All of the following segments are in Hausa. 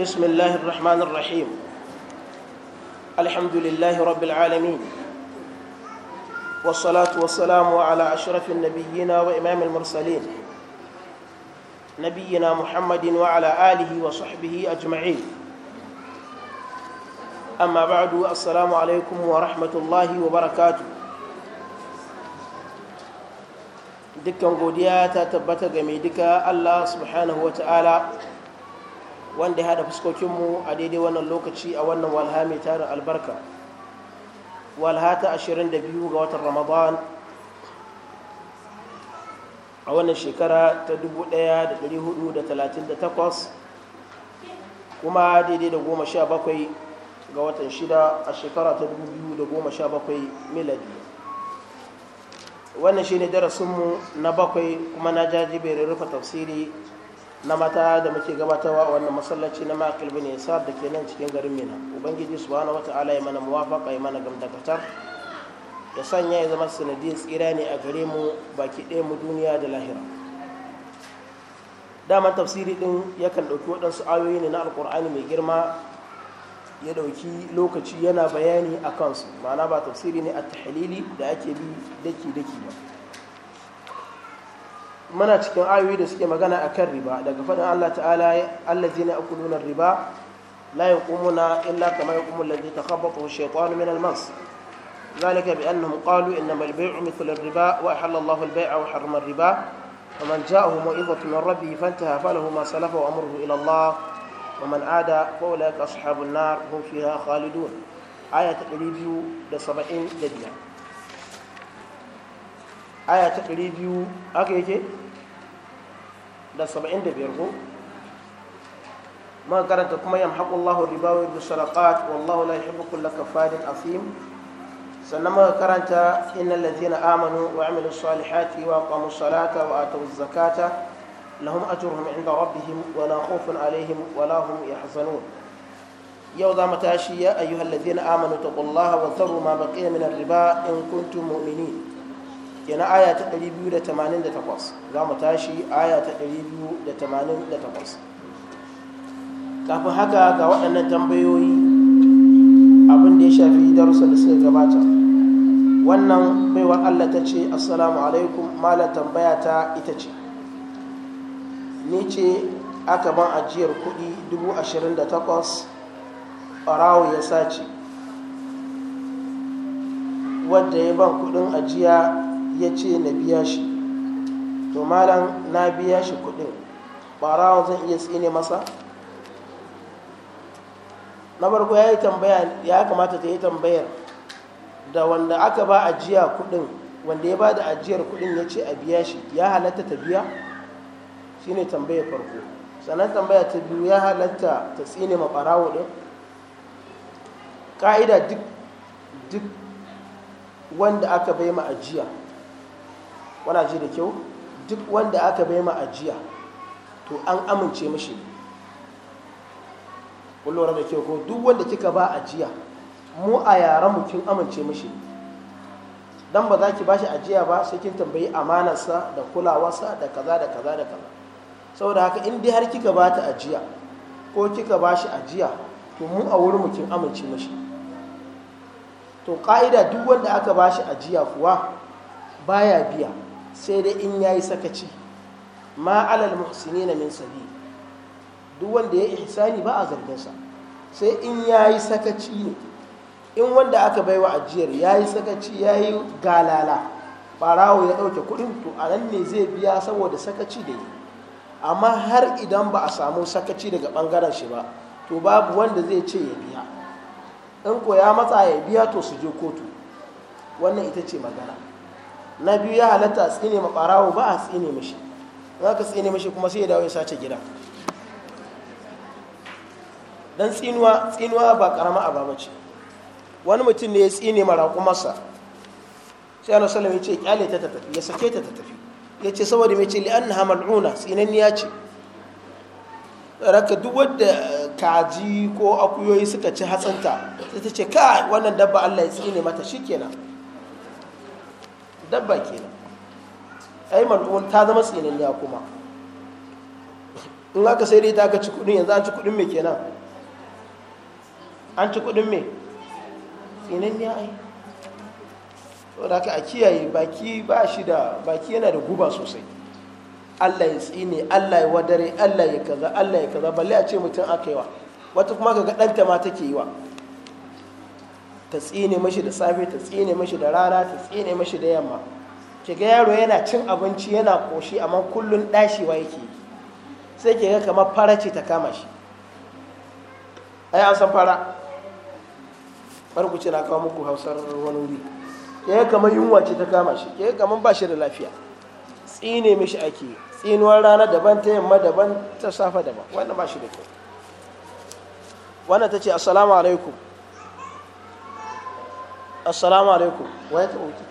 بسم الله الرحمن الرحيم الحمد لله رب العالمين والصلاة والسلام على أشرف النبيين وإمام المرسلين نبينا محمد وعلى آله وصحبه أجمعين أما بعد السلام عليكم ورحمة الله وبركاته dukkan godiya ta tabbata الله سبحانه وتعالى wanda ya hada fuskokinmu a daidai wannan lokaci a wannan walha mai tarin albarka walha ta 22 ga watan ramadan a wannan shekara ta 1438 kuma daidai da goma sha bakwai ga watan shida a shekara ta 2017 miladi wannan shi ne darasinmu na bakwai kuma na jajiberin rufe tafsiri na mata da muke gabatarwa a wannan masallaci na makil bin yasar da ke nan cikin garin mina ubangiji subhanahu ala ya mana muwafaka ya mana gamdakatar ya sanya ya zama sanadiyar tsira ne a gare mu baki ɗaya mu duniya da lahira dama tafsiri ɗin yakan ɗauki waɗansu ayoyi ne na alƙur'ani mai girma ya ɗauki lokaci yana bayani a kansu ma'ana ba tafsiri ne a tahalili da ake bi daki-daki ba muna cikin ayoyi da suke magana a kan riba daga faɗin allah ta'ala ya allazi na akulunan riba la yi kumuna illa kama yi kumun lalzi ta habbata wa shekwanu min almas zalika bi an namu kalu in na malibai riba wa a halallahu albai a wahar man riba wa man ja ahu ma'i ba tunan rabbi fanta hafa lahu ma salafa wa amurhu ilallah wa man ada ko la ka sahabun na aya ta ɗari da saba'in da biyar aya ta ɗari biyu aka yake da saba'in da biyar ko karanta kuma yamhaqu riba wa yudhi sadaqat wallahu la yuhibbu kulla kafarin asim sannan ma karanta innal ladzina amanu wa amilu salihati wa aqamu salata wa atu zakata lahum ajruhum inda rabbihim wa la khawfun alaihim wa la hum yahzanun yau za mu tashi ya ayyuhal amanu taqullaha wa dharu ma baqiya min ar-riba in kuntum mu'minin kenan aya ta 288 za mu tashi aya ta 288 kafin haka ga waɗannan tambayoyi abin da ya shafi darussa da suka gabata wannan baiwa allah ta ce assalamu alaikum malam tambaya ta ita ce ni ce aka ban ajiyar kuɗi 28 ɓarawo ya sace wadda ya ban kuɗin ajiya ya ce na biya shi to malam na biya shi kuɗin barawa zan iya tsine masa na farko ya yi tambaya ya kamata ta yi tambayar da wanda aka ba ajiya kudin wanda ya ba da ajiyar kuɗin ya ce a biya shi ya halatta ta biya shi ne tambayar farko sannan tambaya ta biyu ya halatta ta tsine ma ɓarawo ɗin ƙa'ida duk wanda aka bai ma ajiya wana ji da kyau duk wanda aka bai ma ajiya to an amince mashi ne kullum da kyau ko duk wanda kika ba ajiya mu a yaran mu kin amince mashi ne dan ba za ki bashi ajiya ba sai kin tambayi amanarsa da kulawarsa da kaza da kaza da kaza saboda haka in dai har kika ba ta ajiya ko kika bashi ajiya to mu a wurin mu kin amince mashi to ka'ida duk wanda aka bashi ajiya kuwa baya biya sai dai in yayi sakaci ma alal muhsinina min sabi duk wanda ya ihsani ba a zargin sa sai in yayi sakaci ne in wanda aka baiwa ajiyar yayi sakaci yayi galala barawo ya dauke kudin to a nan ne zai biya saboda sakaci da yi amma har idan ba a samu sakaci daga bangaren shi ba to babu wanda zai ce ya biya in ko ya matsa ya biya to su je kotu wannan ita ce magana na biyu ya halatta a tsine ma barawo ba a tsine mashi. za ka tsine mashi kuma sai ya dawo ya sace gida dan tsinuwa tsinuwa ba karama aba ce. wani mutum ne ya tsine ma raƙumarsa sai ana salam ya ce kyale ta tafi ya sake ta tafi ya ce saboda mai ce li'an na li'annaha mal'una tsinanniya ce raka duk wadda kaji ko akuyoyi suka ci hatsanta sai ta ce kai wannan dabba Allah ya tsine mata kenan. dabba kenan ai mal'un ta zama tsinanniya kuma in aka sai dai ta ka ci kudin yanzu an ci kudin me kenan an ci kudin me tsinanniya ai saboda haka a kiyaye baki ba shi da baki yana da guba sosai Allah ya tsine Allah ya wadare Allah ya kaza Allah ya kaza balle a ce mutum aka yi wa wata kuma ga ɗanta ma take yi wa ta tsine mashi da safe ta tsine mashi da rana ta tsine mashi da yamma ga yaro yana cin abinci yana koshi amma kullun wa yake sai ga kamar fara ce ta kama shi ai an san fara bar ku ce na kawo muku hausar wani wuri ke ga kamar yunwa ce ta kama shi ke ga kamar ba shi da lafiya tsine mashi ake tsinuwar rana daban ta yamma daban ta safa daban wannan ba shi da kyau wannan ta ce assalamu alaikum assalamu alaikum wa ya wuce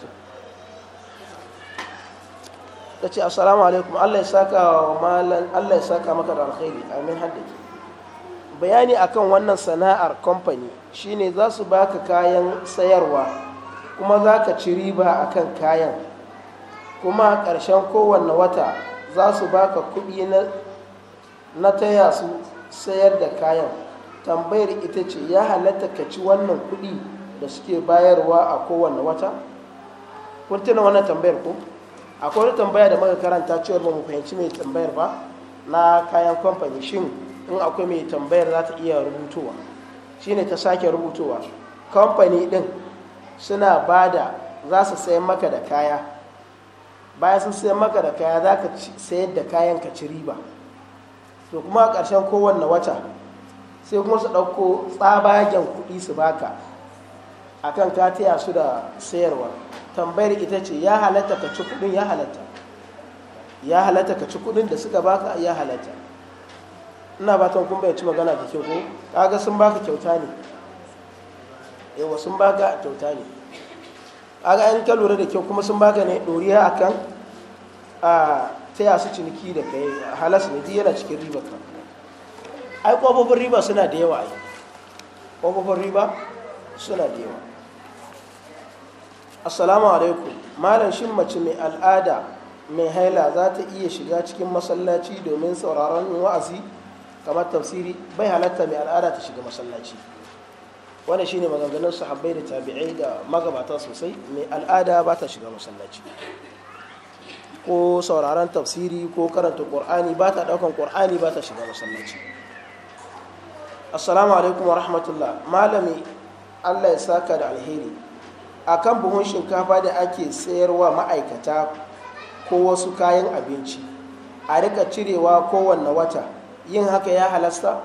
ta ce assalamu alaikum allah ya saka wa malan allah ya saka maka da alkhairi amin haddaki bayani akan wannan sana'ar kamfani shine za su baka kayan sayarwa kuma za ka ci riba akan kayan kuma ƙarshen kowanne wata za su baka kuɗi na taya su sayar da kayan tambayar ita ce ya halatta ka ci wannan kuɗi da suke bayarwa a kowane wata kun tuna wannan tambayar ko akwai wani tambaya da muka karanta cewar ba mu fahimci mai tambayar ba na kayan kamfani shin in akwai mai tambayar za ta iya rubutowa shine ta sake rubutowa kamfani din suna ba da za su sayi maka da kaya bayan sun sayi maka da kaya za ka sayar da kayan ka ci riba to kuma a ƙarshen kowanne wata sai kuma su ɗauko tsabagen kuɗi su baka akan ka taya su da sayarwa tambayar ita ce ya halatta ka ci kudin ya halatta ya halatta ka ci kudin da suka baka ya halatta ina ba kun bai ci magana da kyau ko kaga sun baka kyauta ne yawa sun baka kyauta ne kaga an ka lura da kyau kuma sun baka ne doriya akan a taya su ciniki da kai halas ne duk yana cikin riba ka ai kofofin riba suna da yawa ai kofofin riba suna da yawa assalamu alaikum malam shin mace mai al'ada mai haila za ta iya shiga cikin masallaci domin sauraron wa'azi kamar tafsiri bai halatta mai al'ada ta shiga masallaci wani shine maganganun sahabbai da tabi'ai da magabata sosai mai al'ada ba ta shiga masallaci ko sauraron tafsiri ko karanta qur'ani ba ta daukan qur'ani ba ta shiga masallaci assalamu alaikum wa rahmatullah malami Allah ya saka da alheri a kan buhun shinkafa da ake sayarwa ma'aikata ko wasu kayan abinci a rika cirewa kowanne wata yin haka ya halasta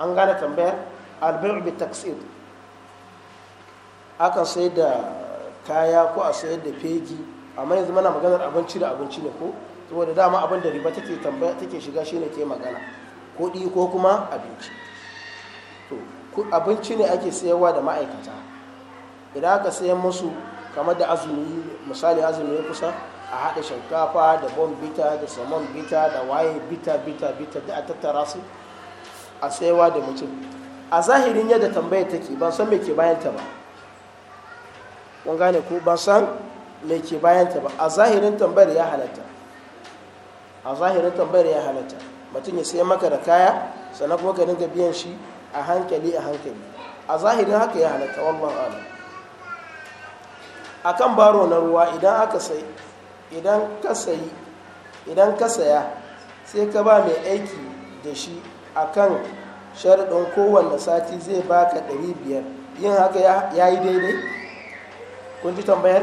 an gane tambayar albiru bi taksir sai da kaya ko a sayar da fegi amma yanzu mana maganar abinci da abinci ne ko saboda dama abin da riba take tambaya take shiga shine ke magana kuɗi ko kuma abinci abinci ne ake sayarwa da ma'aikata idan aka sayan musu kamar da azumi misali azumi ya kusa a haɗa shinkafa da bon bita da saman bita da waye bita bita bita da a tattara su a tsayawa da mutum a zahirin yadda tambayar take ban san me ke bayanta ba kun gane ko ban san me ke bayanta ba a zahirin tambayar ya halatta a zahirin tambayar ya halatta mutum ya sayan maka da kaya sannan kuma ka dinga biyan shi a hankali a hankali a zahirin haka ya halatta wallahu a'lam akan baro na ruwa idan aka sai idan ka sai idan ka saya sai ka ba mai aiki da shi akan sharaɗin kowanne sati zai baka ɗari biyar yin haka ya yi daidai kun ji tambayar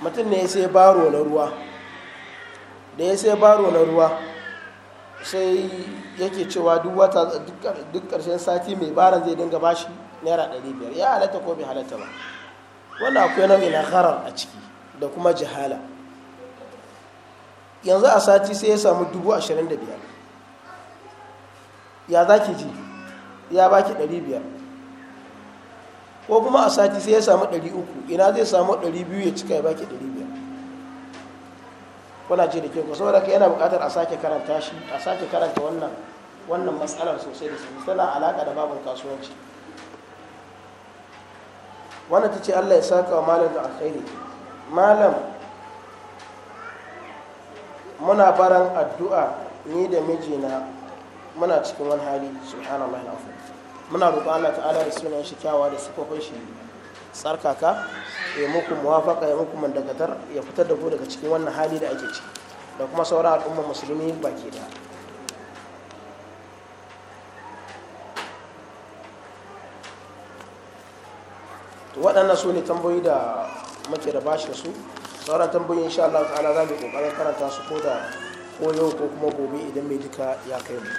mutum ne sai baro na ruwa da ya sai baro na ruwa sai yake cewa duk wata duk ƙarshen sati mai baran zai dinga bashi naira ɗari biyar ya halatta ko bai halatta ba wanda akwai nan ina harar a ciki da kuma jihala yanzu a sati sai ya samu dubu ashirin da biyar ya za ki ji ya baki ɗari biyar ko kuma a sati sai ya samu ɗari uku ina zai samu ɗari biyu ya cika ya baki ɗari biyar kuna ce da ke kusa saboda ka yana buƙatar a sake karanta shi a sake karanta wannan matsalar sosai da sosai tana alaƙa da babin kasuwanci wannan ta ce allah ya saka wa malam da alkhairi malam muna baran addu'a ni da mijina muna cikin wani hali subhanallah al'afu muna roƙo allah ta'ala da sunan shi kyawa da sukofin shi tsarkaka ya muku muwafaka ya muku mandagatar ya fitar da ku daga cikin wannan hali da ake ciki da kuma sauran al'ummar musulmi baki daya to waɗannan su ne tambayoyi da muke da bashi su sauran tambayoyi insha Allah ta'ala za mu kokarin karanta su ko da ko yau ko kuma gobe idan mai duka ya kai mu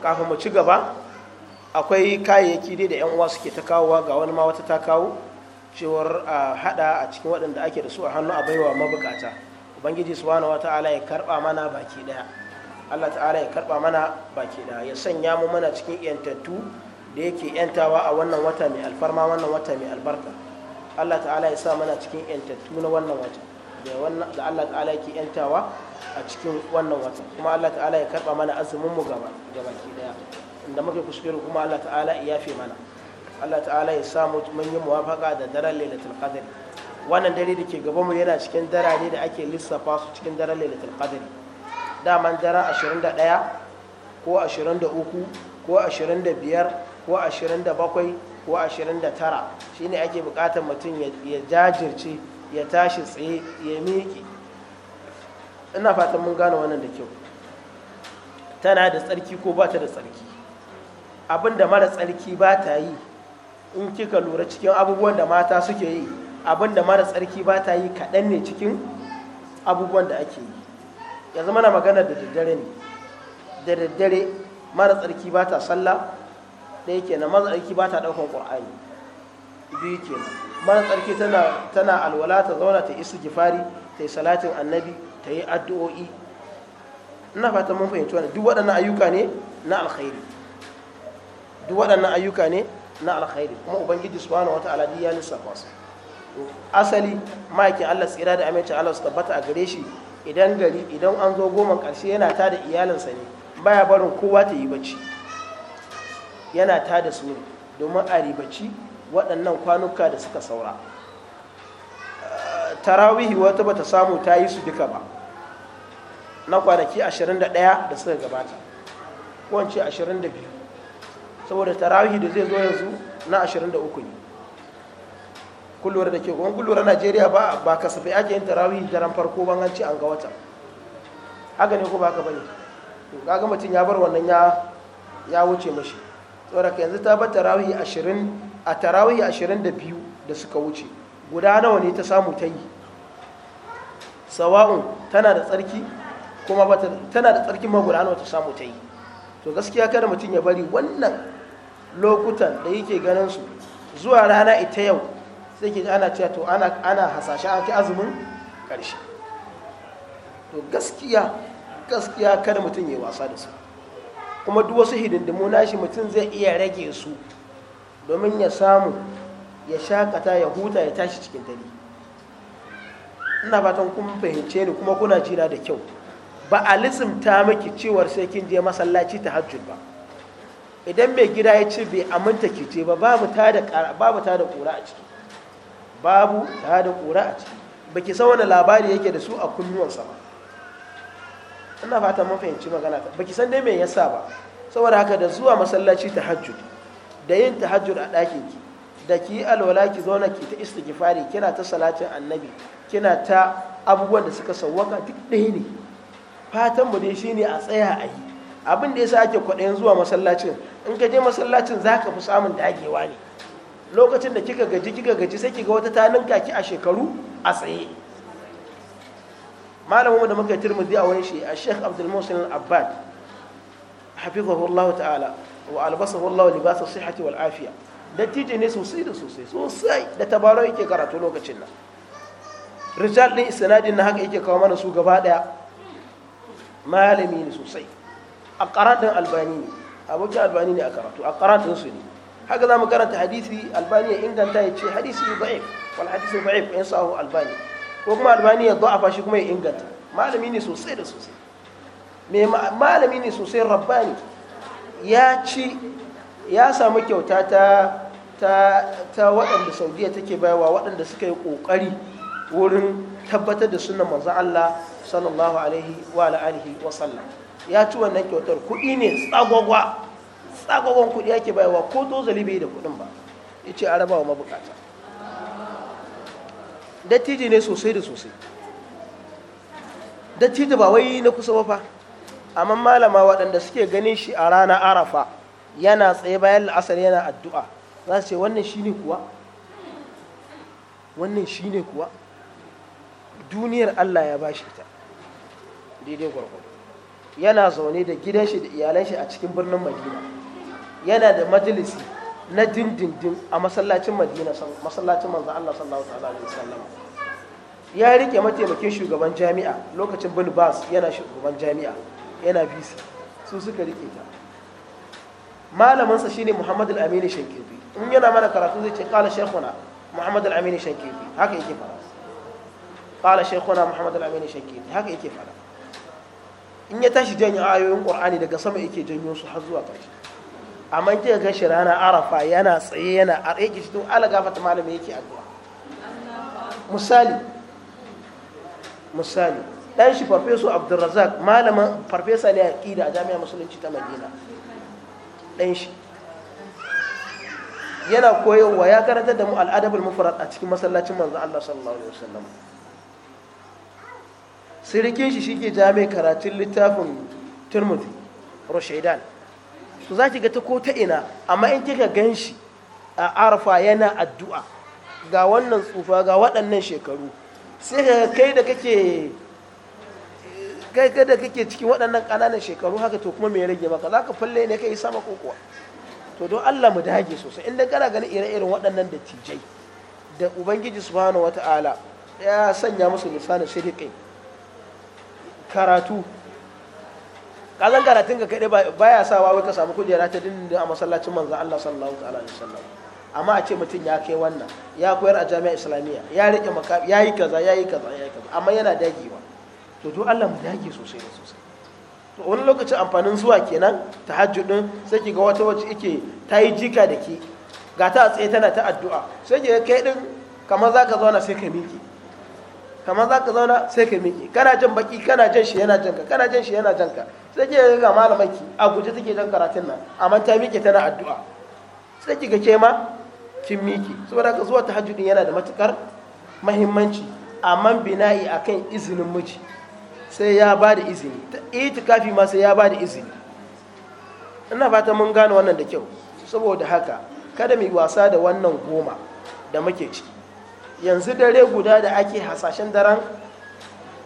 kafin mu ci gaba akwai kayayyaki dai da 'yan uwa suke ta kawowa ga wani ma wata ta kawo cewar a hada a cikin waɗanda ake da su a hannu a baiwa mabukata ubangiji subhanahu ala ya karba mana baki daya Allah ta'ala ya karba mana baki da ya sanya mu mana cikin yantattu da yake yantawa a wannan wata mai alfarma wannan wata mai albarka Allah ta'ala ya sa mana cikin yantattu na wannan wata da Allah ta'ala yake yantawa a cikin wannan wata kuma Allah ta'ala ya karba mana azumin mu gaba baki daya inda muke kuskure kuma Allah ta'ala ya yafe mana Allah ta'ala ya sa mu mun yi muwafaka da daren lailatul qadr wannan dare da ke gabanmu yana cikin ne da ake lissafa su cikin daren lailatul qadr daman dara 21 ko 23 ko 25 ko 27 ko 29 shine ake bukatar mutum ya jajirce ya tashi tsaye ya miƙe ina fatan mun gane wannan da kyau tana da tsarki ko ba ta da tsarki abin da mara tsarki ba ta yi in kika lura cikin abubuwan da mata suke yi abinda da mara tsarki ba ta yi kaɗan ne cikin abubuwan da ake yi yanzu mana magana da daddare ne da daddare mara tsarki ba ta sallah ɗaya na mara tsarki ba ta ɗaukar ƙur'ani biyu kenan mara tsarki tana alwala ta zauna ta isu gifari ta yi salatin annabi ta yi addu'o'i ina fatan mun fahimci wani duk waɗannan ayyuka ne na alkhairi duk waɗannan ayyuka ne na alkhairi kuma ubangiji subhanahu wataala ya lissafa su asali ma'aikin Allah tsira da amincin Allah su tabbata a gare shi idan gari idan an zo goma ƙarshe yana ta da iyalinsa ne baya barin kowa ta yi bacci yana ta da su ne domin a ribaci waɗannan kwanuka da suka saura eh, tarawihi wata bata samu ta yi su duka ba na kwanaki 21 da suka gabata ko 22 saboda tarawihi da zai zo yanzu na 23 ne kullura da ke kuma kullura najeriya ba ba kasafai ake yin tarawih daren farko ban an ce an ga wata haka ne ko ba haka bane to kaga mutum ya bar wannan ya ya wuce mashi saboda yanzu ta bar tarawih 20 a tarawih 22 da suka wuce guda nawa ne ta samu ta yi sawa'un tana da tsarki kuma ba tana da tsarkin ma guda nawa ta samu ta yi to gaskiya kada mutum ya bari wannan lokutan da yake ganin su zuwa rana ita yau sai ke ana cewa to ana hasashe an azumin ƙarshe to gaskiya gaskiya kada mutum ya wasa da su kuma duk wasu hidindimu nashi mutum zai iya rage su domin ya samu ya shakata ya huta ya tashi cikin dare ina fatan kun fahimce ni kuma kuna jira da kyau ba a lissimta miki cewar sai kin je masallaci ta hajjul ba idan mai gida ya ce bai aminta kice je ba babu ta da kura a ciki babu ta da kura a ciki ki san wani labari yake da su a kunnuwansa ba ina fata mun magana ta baki san dai mai yasa ba saboda haka da zuwa masallaci ta hajjud da yin ta hajjud a ɗakin ki da ki yi alwala ki zauna ki ta istighfari kina ta salatin annabi kina ta abubuwan da suka sawwaka duk ɗaya ne fatan mu dai shine a tsaya a yi abin da yasa ake kwaɗayin zuwa masallacin in ka je masallacin zaka fi samun dagewa ne lokacin da kika gaji kika gaji sai kiga wata ta ki a shekaru a tsaye malamu da muka tirmidhi a wani shi a sheikh abdul al-abbad hafizahu allah ta'ala wa albasahu allah libasa sihhati wal afiya tije ne sosai da sosai sosai da tabaro yake karatu lokacin nan rijal din isnadin na haka yake kawo mana su gaba daya malami ne sosai a karatun albani ne abokin albani ne a karatu a karatun su ne haka za mu karanta hadisi albani ya inganta ya ce hadisi ba'if wal hadisi ba'if in sahu albani ko kuma albani ya da'afa shi kuma ya inganta malami ne sosai da sosai me malami ne sosai rabbani ya ci ya samu kyauta ta ta ta waɗanda saudiya take bayarwa waɗanda suka yi ƙoƙari wurin tabbatar da sunan manzo Allah sallallahu alaihi wa alihi wa sallam ya ci wannan kyautar kuɗi ne tsagwagwa tsagogon kuɗi ake bayarwa ko zali bai da kuɗin ba ya ce a rabawa mabukata dattiji ne sosai da sosai dattiji ba wai na kusa ba fa amma malama waɗanda suke ganin shi a rana arafa yana tsaye bayan la'asar yana addu'a za su ce wannan shi kuwa wannan shi kuwa duniyar allah ya bashi ta daidai gwargwado yana zaune da gidanshi da iyalanshi a cikin birnin madina yana da majalisi na dindindin a masallacin madina masallacin manzo Allah sallallahu ta'ala alaihi wasallam ya rike mataimakin shugaban jami'a lokacin bin bas yana shugaban jami'a yana bisi su suka rike ta malaminsa shine muhammad al-amini shankifi in yana mana karatu zai ce kala shekuna muhammad al-amini shankifi haka yake fara kala shekuna muhammad al-amini shankifi haka yake fara in ya tashi janyo ayoyin qur'ani daga sama yake janyo su har zuwa ƙarshe amma kika ga shi rana arafa yana tsaye yana a tsaye shi to ala gafata malami yake addu'a misali misali dan shi farfeso abdulrazak malamin farfesa ne a ƙida a jami'a musulunci ta madina dan shi yana koyarwa ya karanta da mu al'adabul mufrad a cikin masallacin manzo Allah sallallahu alaihi wasallam sirikin shi shike jami'a karatun littafin turmudi rushaidan to za ki ga ta ko ta ina amma in kika gan shi a arfa yana addu'a ga wannan tsufa ga waɗannan shekaru sai ka kai da kake kai da kake cikin waɗannan ƙananan shekaru haka to kuma me rage maka za ka falle ne ka yi sama ko kuwa to don Allah mu dage sosai inda kana ganin ire-iren waɗannan dattijai da ubangiji subhanahu wata'ala ya sanya musu lisanin kai karatu kazan karatun ka kaɗai baya sawa wai ka samu kujera ta dindin a masallacin manzan Allah sallallahu alaihi wasallam amma a ce mutum ya kai wannan ya koyar a jami'a islamiyya ya rike makabi ya yi kaza ya yi kaza ya kaza amma yana dagewa to to Allah mu dage sosai da sosai to wani lokacin amfanin zuwa kenan tahajjudin sai ki ga wata wacce ike ta yi jika da ke ga ta tsaye tana ta addu'a sai ki ga kai din kamar zaka zauna sai ka miƙe kamar za ka zauna sai ka miƙe kana jan baki kana jan shi yana janka kana jan shi yana janka sai ke ga malamaki a guje take jan karatun nan amma ta miƙe tana addu'a sai ki ga ke ma kin miƙe saboda ka zuwa tahajjudin yana da matukar muhimmanci amma bina'i akan izinin miji sai ya ba da izini itikafi ma sai ya ba da izini ina fata mun gane wannan da kyau saboda haka kada mu wasa da wannan goma da muke ci. yanzu dare guda da ake hasashen daren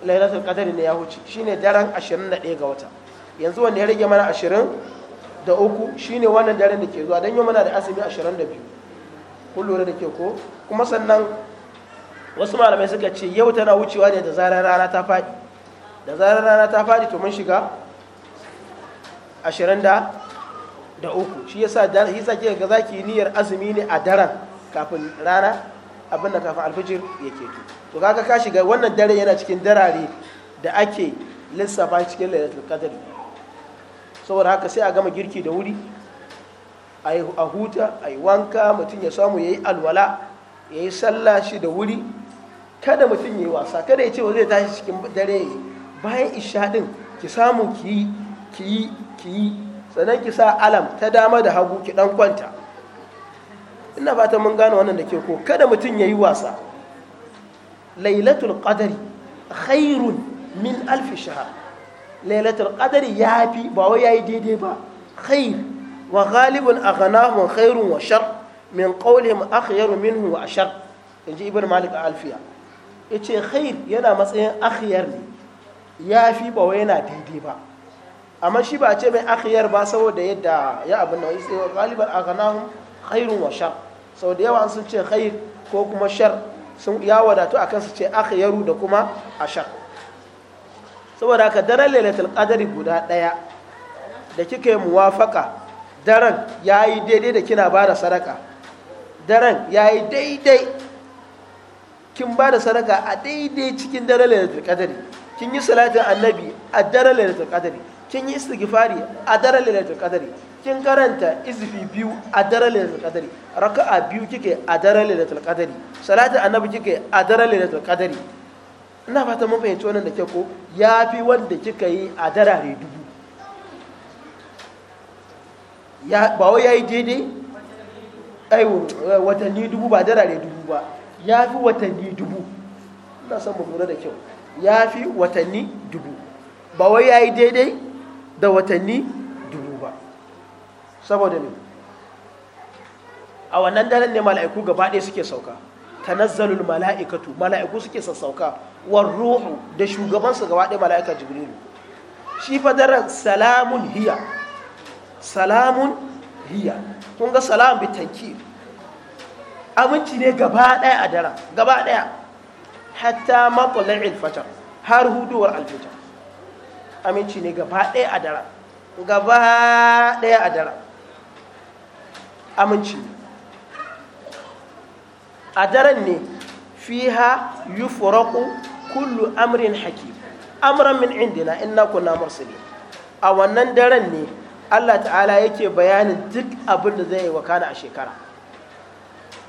lailatul qadari ne ya wuce shine daren 21 ga wata yanzu wanda ya rage mana 20 da uku shine wannan daren da ke zuwa don yau muna da asibi 22 kullu da ke ko kuma sannan wasu malamai suka ce yau tana wucewa ne da zarar rana ta faɗi da zarar rana ta faɗi to mun shiga 20 da uku shi yasa yasa ke ga zaki niyyar azumi ne a daren kafin rana abin da kafin alfijir ya keto to kaga ka shiga wannan dare yana cikin darare da ake lissafa cikin lailatul qadr saboda haka sai a gama girki da wuri a huta a yi wanka mutum ya samu ya yi alwala ya yi sallah shi da wuri kada mutum ya yi wasa kada ya ce wa zai tashi cikin dare bayan isha ki samu ki yi ki yi ki sannan ki sa alam ta dama da hagu ki ɗan kwanta ina fatan mun gane wannan da ke ko kada mutum ya yi wasa lailatul qadari khairun min alfi shahar lailatul qadari ya fi ba wai ya yi daidai ba khair wa ghalibun a ghanahun khairun wa shar min qawlihim akhyaru minhu wa ashar inji ibn malik alfiya yace khair yana matsayin akhyar ne ya fi ba wai yana daidai ba amma shi ba ce mai akiyar ba saboda yadda ya abin nan wa ghalibun a ghanahun khairun wa shar sau da yawa sun ce khair ko kuma shar sun ya wadatu a kansu ce akhyaru da kuma ashar saboda haka daren lailatul qadari guda ɗaya da kika yi muwafaka daren yayi daidai da kina bada sadaka daren yayi daidai kin bada sadaka a daidai cikin daren lailatul qadari kin yi salatin annabi a daren lailatul qadari kin yi istighfari a daren lailatul kadari kin karanta izfi biyu a daren lailatul raka raka'a biyu kike a daren lailatul qadari salatu annabi kike a daren lailatul kadari ina fata mun fahimci wannan da ke ko yafi wanda kika yi a darare dubu ya ba wai yayi daidai ai watanni dubu ba darare dubu ba yafi watanni dubu ina son mu lura da kyau yafi watanni dubu ba wai yayi daidai da watanni dubu ba saboda ne a wannan daren ne mala'iku gaba ɗaya suke sauka tanazzalul mala'ikatu mala'iku suke sassauka war ruhu da shugabansu gaba ɗaya mala'ika jibrilu shi fadarar salamun hiya salamun hiya kun ga salam bi aminci ne gaba ɗaya a dara gaba ɗaya hatta matla'il fajar har huduwar alfitar aminci ne gaba ɗaya a dara gaba ɗaya a dara aminci ne a daren ne fi ha yi furaku kullu amrin hakim amran min indina inna marsu ne. a wannan daren ne Allah ta'ala yake bayanin duk abin da zai Kana a shekara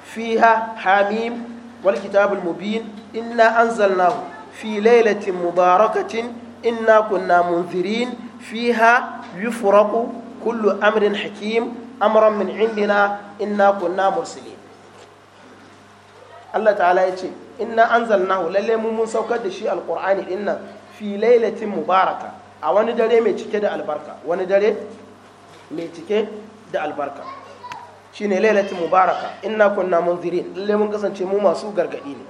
Fi fiha hamim wal kitabul mubin inna anzalnahu fi lailatin mubarakatin inna kunna munzirin fiha yufraqu kullu amrin hakim amran min indina inna kunna mursalin Allah ta'ala ya ce inna anzalnahu lallai mu mun saukar da shi alqur'ani din nan fi lailatin mubaraka a wani dare mai cike da albarka wani dare mai cike da albarka shine lailatin mubaraka inna kunna munzirin lalle mun kasance mu masu gargaɗi ne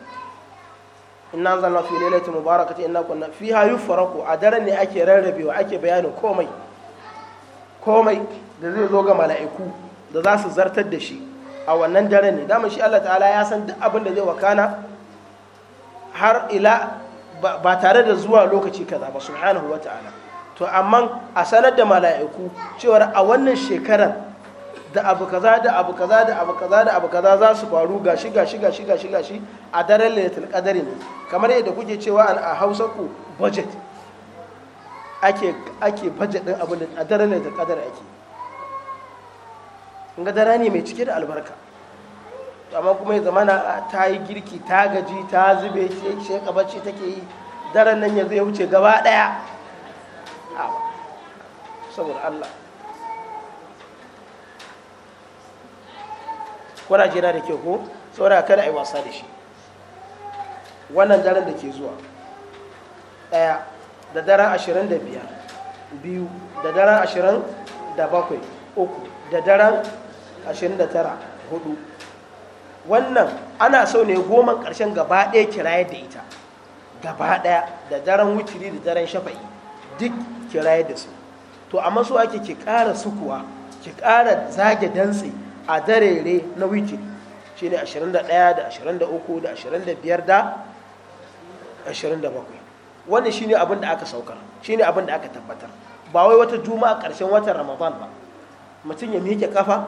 inna zana fi lailatin mubarakati inna kunna fiha yufraku a daren ne ake rarrabewa ake bayanin komai komai da zai zo ga mala'iku da za su zartar da shi a wannan daren ne dama shi Allah ta'ala ya san duk abin da zai wakana har ila ba tare da zuwa lokaci kaza ba subhanahu wata'ala ta'ala to amma a sanar da mala'iku cewar a wannan shekarar da abu kaza da abu kaza da abu kaza da abu kaza za su faru gashi gashi gashi gashi gashi a daren lailatul qadari ne kamar yadda kuke cewa a Hausa ku budget ake ake budget din abin a daren lailatul qadari ake in ga dara ne mai cike da albarka amma kuma ya zamana ta yi girki ta gaji ta zube ce kabacci take yi daren nan yanzu ya wuce gaba daya saboda Allah kuna na da ke ko saboda kada a yi wasa da shi wannan daren da ke zuwa ɗaya da daren ashirin da biyar biyu da daren ashirin da bakwai uku da daren ashirin da tara hudu wannan ana so ne goma ƙarshen gaba ɗaya kirayar da ita gaba ɗaya da daren wuturi da daren shafa'i duk kirayar da su to amma so ake ki ƙara sukuwa ki ƙara zage dantse a darere na shi ne 21 da 23 da 25 da 27 wannan shi ne da aka saukar shi ne da aka tabbatar ba wai wata juma'a ƙarshen watan ramadan ba mutum ya miƙe kafa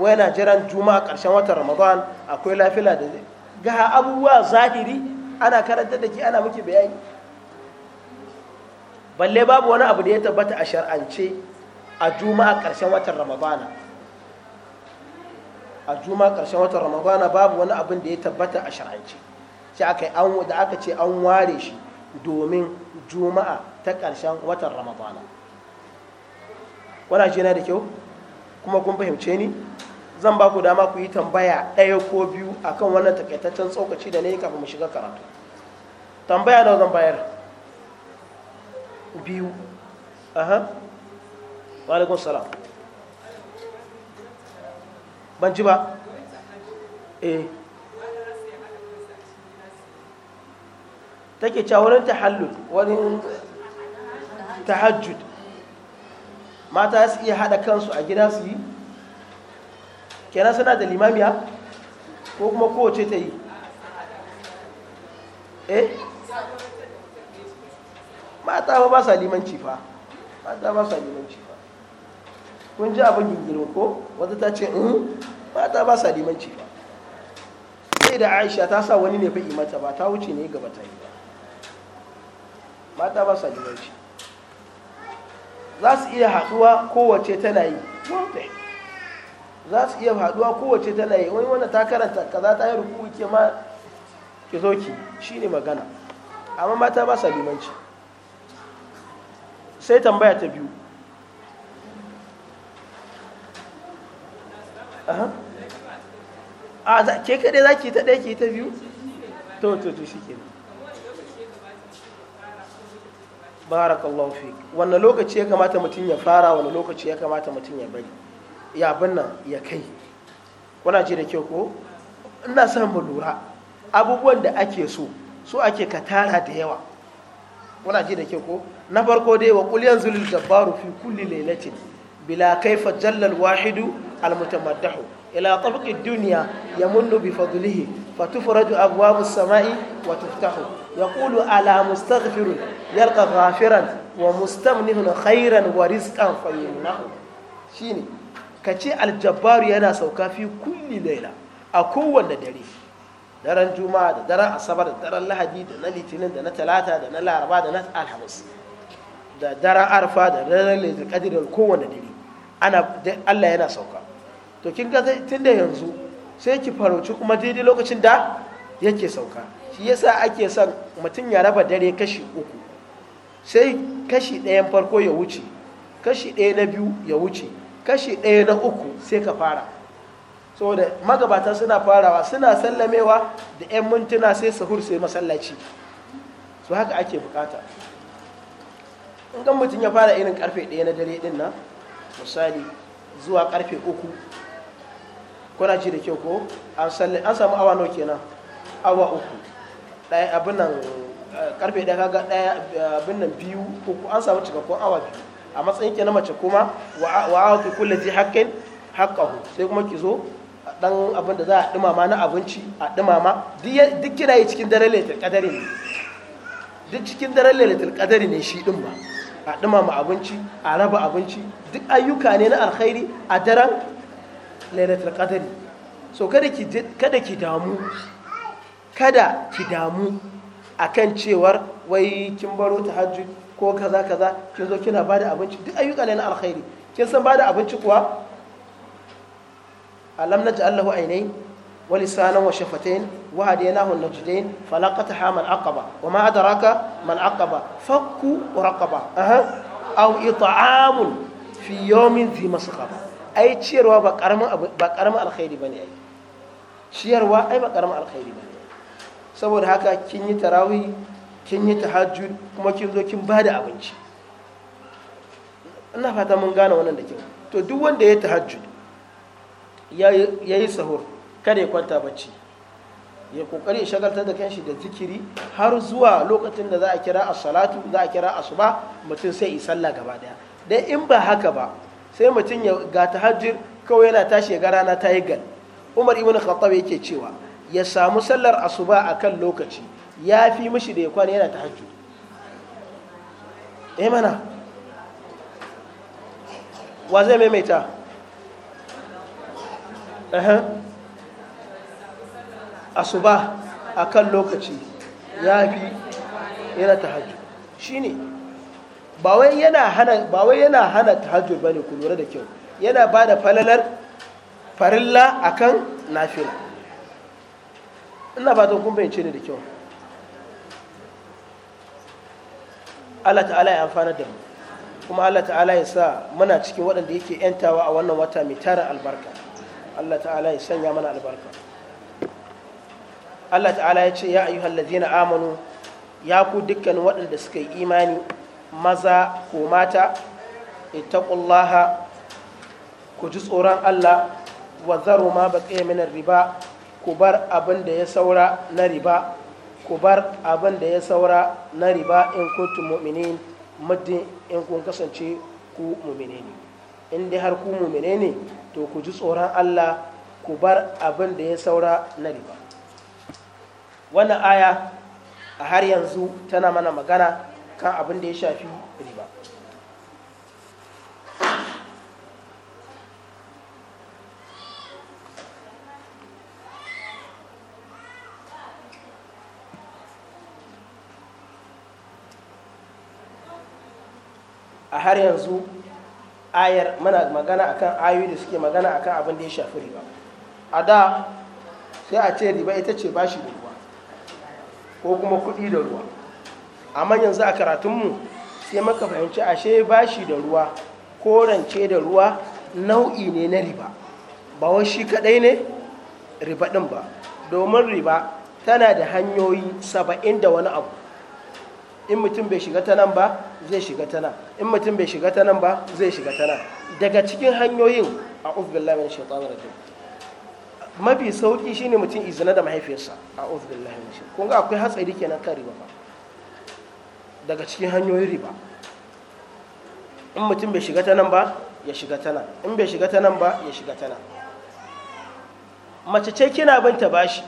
wai yana jiran juma'a ƙarshen watan ramadan akwai lafila da zai ga abubuwa zahiri ana karanta da ke ana muke bayani balle babu wani abu da ya tabbata a shar'ance a juma'a ƙarshen watan ramadana a juma karshen watan ramadana babu wani abin da ya tabbata a shar'ance sai aka an da aka ce an ware shi domin juma'a ta karshen watan ramadana wana jina da kyau kuma kun fahimce ni zan ba ku dama ku yi tambaya ɗaya ko biyu akan wannan takaitaccen tsokaci da ne kafin mu shiga karatu tambaya nawa zan bayar biyu aha wa salam ban ci ba eh take cewa wurin tahallul wurin tahajjud mata su iya haɗa kansu a gida su yi kenan suna da limamiya ko kuma kowace ta yi eh mata ba sa limanci fa mata ba sa limanci kun ji abin gingiro ko wata ta ce in mm-hmm. mata ba sa limanci ba sai da aisha ta sa wani ne fa'i mata ba ta wuce ne gaba ta yi ba mata ba sa limanci za su iya haɗuwa kowace tana yi wata za su iya haɗuwa kowace tana yi wani wanda ta karanta kaza ta yi rubutu ke ma ki zo ki shi ne magana amma mata ba sa limanci sai tambaya ta biyu a ke kaɗai za ki ta ɗaya ki ta biyu to to to shi kenan barakallahu fi wanne lokaci ya kamata mutum ya fara wanne lokaci ya kamata mutum ya bari ya binna ya kai kuna ji da kyau ko ina son mu lura abubuwan da ake so so ake ka tara da yawa kuna ji da kyau ko na farko dai wa qul yanzulul jabbaru fi kulli lailatin بلا كيف جل الواحد المتمدح إلى طبق الدنيا يمن بفضله فتفرج أبواب السماء وتفتح يقول على مستغفر يلقى غافرا ومستمنه خيرا ورزقا فيمنه شيني كتي الجبار ينا سوكا في كل ليلة أكو دليل daren juma'a da daren asabar da daren lahadi da na litinin da na talata da na laraba da na alhamis da daren arfa da daren laitar kadirar kowane dare ana Allah yana sauka to kin ga tunda yanzu sai ki farauci kuma daidai lokacin da yake sauka shi yasa ake son mutum ya raba dare kashi uku sai kashi ɗayan farko ya wuce kashi ɗaya na biyu ya wuce kashi ɗaya na uku sai ka fara saboda magabata suna farawa suna sallamewa da 'yan mintuna sai sahur sai masallaci su haka ake bukata in kan mutum ya fara irin karfe ɗaya na dare ɗin nan misali zuwa karfe uku kuna ci da kyau ko an samu awa nawa kenan awa uku daya abin nan eh, karfe daya kaga daya abin nan biyu uku an samu cikakkun awa biyu a matsayin kenan mace kuma wa awa ki kulle ji hakkin hakkahu sai kuma ki zo dan abin da za a dumama na abinci a ɗumama duk kina yi cikin dare laitar kadari ne duk cikin dare laitar kadari ne shi din ba a ɗumama abinci a raba abinci duk ayyuka ne na alkhairi a daren lailatul ƙadari so kada ki damu kada ki damu akan cewar wai kin baro ta hajji ko kaza kaza kin zo kina bada abinci duk ayyuka ne na alkhairi kin san bada abinci kuwa alam ji allahu ainayn ولسانا وشفتين وهديناه النجدين فلقتها من عقبة وما أدراك من عقبة فك رقبة أه. أو إطعام في يوم ذي مسقبة أي تشيروا بكرم بكرم الخير بني أي ciyarwa ai ba karamin alkhairi ba saboda haka kin yi tarawih kin yi tahajjud kuma kin zo kin bada abinci ina fata mun gane wannan da kyau to duk wanda ya tahajjud ya yi sahur kada ya kwanta bacci ya kokari shagaltar da kanshi da zikiri har zuwa lokacin da za a kira as-salatu za a kira asuba mutum sai yi sallah gaba daya dan in ba haka ba sai mutum ya ga hajji kawai yana tashi ya ga rana ta yi gal Umar ibn Khattab yake cewa ya samu sallar asuba akan lokaci ya fi mishi da ya kwana yana tahajjud eh mana wa zai maimaita asuba a kan lokaci ya fi yana tahajjud shi ne ba wai yana hana tahajjud ba ne ku lura da kyau yana ba da falalar farilla a kan nafila ina fatan kun bayyance ne da kyau Allah ta'ala ya amfana da mu kuma Allah ta'ala ya sa muna cikin waɗanda yake 'yantawa a wannan wata mai tara albarka Allah ta'ala ya sanya mana albarka Allah ta'ala ya ce ya ayyuhal ladzina amanu ya ku dukkanin waɗanda suka yi imani maza ko mata ittaqullaha ku ji tsoron Allah wa zaru ma baqiya min riba ku bar abin da ya saura na riba ku bar abin da ya saura na riba in kuntum mu'minin muddin in kun kasance ku mu'mine ne in dai har ku mu'mine ne to ku ji tsoron Allah ku bar abin da ya saura na riba wannan aya a har yanzu tana mana magana kan abin da ya shafi riba a har yanzu ayar mana magana akan ayoyi da suke magana akan abin da ya shafi riba a da sai a ce riba ita ce bashi da ruwa ko kuma kuɗi da ruwa amma yanzu a karatunmu sai maka fahimci ashe bashi da ruwa ko rance da ruwa nau'i ne na riba ba wa shi kaɗai ne riba ɗin ba domin riba tana da hanyoyi saba'in da wani abu in mutum bai shiga ta nan ba zai shiga ta nan in mutum bai shiga ta nan ba zai shiga ta nan daga cikin hanyoyin a ufbillah min shaitan mafi sauki shine mutum izina da mahaifiyarsa a billahi lahimci kunga akwai hatsari kenan kan riba daga cikin hanyoyin riba in mutum bai shiga ta nan ba ya shiga ta nan in bai shiga ta nan ba ya shiga ta nan mace ce kina ta bashi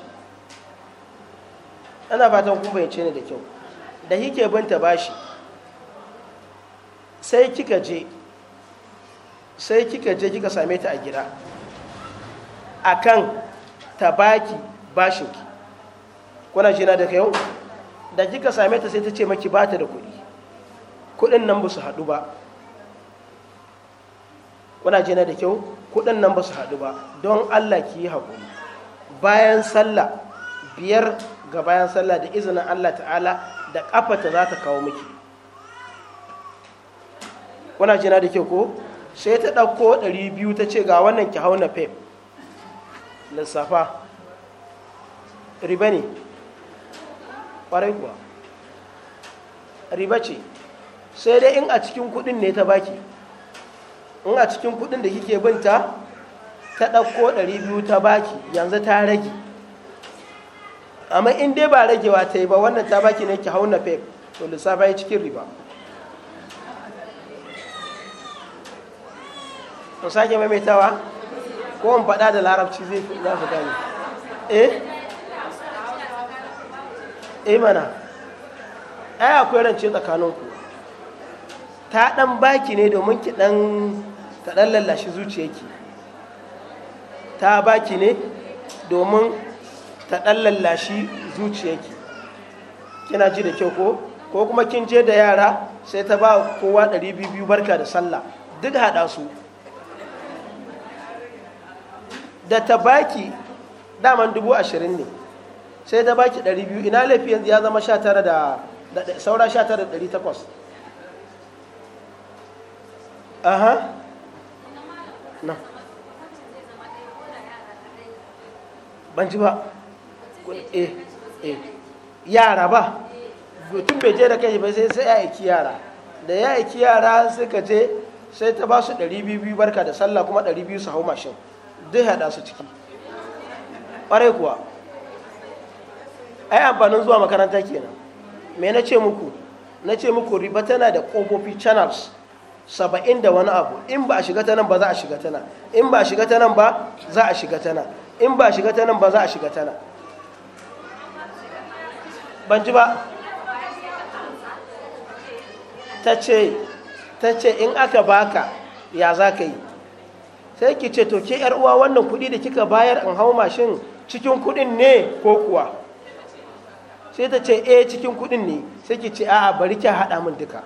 ana fatan kun bayyance ni da kyau da kike binta bashi sai kika je sai kika je kika same ta a gida a kan akan baki bashinki kuna jina da yau da kika same ta sai ta ce maki ba ta da kuɗi kuɗin nan ba su haɗu ba kuna jina da kyau kuɗin nan ba su haɗu ba don allah ki yi haƙuri bayan sallah biyar ga bayan sallah da izinin allah ta'ala da ƙafata za ta kawo miki kuna jina da kyau ko sai ta ɗauko ɗari biyu ta ce ga wannan ki hauna fef lissafa riba ne ƙwarai kuwa riba ce sai dai in a cikin kudin ne ta baki in a cikin kudin da kike binta ta ɗauko ɗari biyu ta baki yanzu ta rage amma in dai ba ragewa ta yi ba wannan ta baki ne ki hauna fef to lissafa ya cikin riba to sake maimaitawa ko in faɗa da larabci zai fi za su gane eh mana ai akwai rance tsakaninku ku ta ɗan baki ne domin ki ɗan ta dan lallashi zuciyarki ta baki ne domin ta ɗan lallashi zuciyarki kina ji da kyau ko ko kuma kin je da yara sai ta ba kowa 200 barka da sallah duk haɗa su da ta baki daman dubu ashirin ne sai da baki ɗari biyu ina laifi yanzu ya zama sha tara da saura sha tara da ɗari takwas aha na ban ji ba eh eh yara ba tun bai je da kai ba sai sai ya aiki yara da ya aiki yara suka je sai ta ba su 200 barka da sallah kuma 200 su hau mashin zai haɗa su ciki ƙwarai kuwa ai amfanin zuwa makaranta kenan me na ce muku na ce muku riba tana da ƙofofi channels saba'in da wani abu in ba a shiga ta nan ba za a shiga ta nan in ba a shiga ta nan ba za a shiga ta nan in ba a shiga ta nan ba za a shiga ta nan ban ji ba ta ce in aka baka ya za ka yi sai ki ce to ke yar uwa wannan kuɗi da kika bayar in hau mashin cikin kuɗin ne ko kuwa sai ta ce eh cikin kuɗin ne sai ki ce a'a bari ki haɗa min duka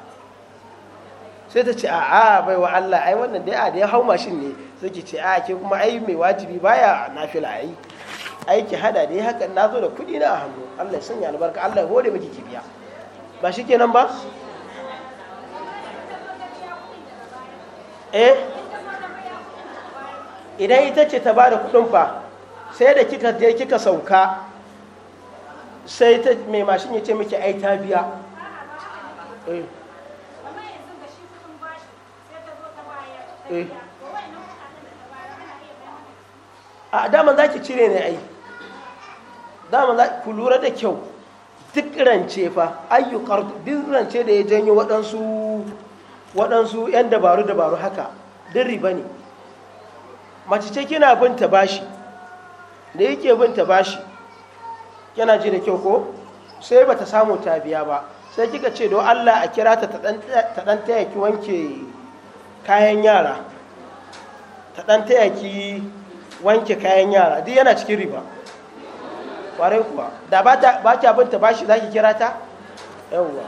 sai ta ce a'a bai wa Allah ai wannan dai a dai ya hau mashin ne sai ki ce a'a ke kuma ai mai wajibi baya nafila ai ai ki hada dai haka na zo da kuɗi na a hannu Allah ya sanya albarka Allah ya hore miki ki biya ba shikenan ba eh idan ita ce ta ba da kudin fa sai da kika je kika sauka sai ta mai mashin ya ce miki ai ta biya eh. Eh. a dama za ki cire ne ai dama za ku lura da kyau duk rance fa ayyukar duk rance da ya janyo waɗansu waɗansu 'yan dabaru-dabaru haka duk riba ne mace ce kina bin ta bashi da yake bin ta bashi yana ji da kyau ko sai bata samu ta biya ba sai kika ce don Allah a kira ta ta dan taya wanke kayan yara ta dan taya ki wanke kayan yara duk yana cikin riba kwarai kuwa da ba ta abin ta bashi za ki kira ta yawwa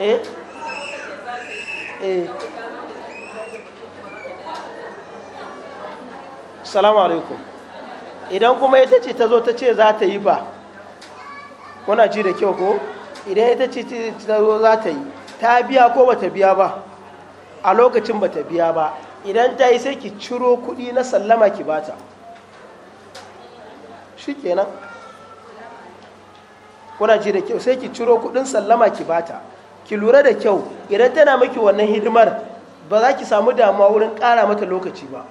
eh Eh. salamu alaikum idan kuma ita ce ta zo ta ce za ta yi ba wana ji da kyau ko idan ita ce ta zo za ta yi ta biya ko ba ta biya ba a lokacin ba ta biya ba idan ta yi sai ki ciro kuɗi na sallama ki bata shi kenan kuna ji da kyau sai ki ciro kuɗin sallama ki bata ki lura da kyau idan tana miki wannan hidimar ba za ki samu damuwa wurin ƙara mata lokaci ba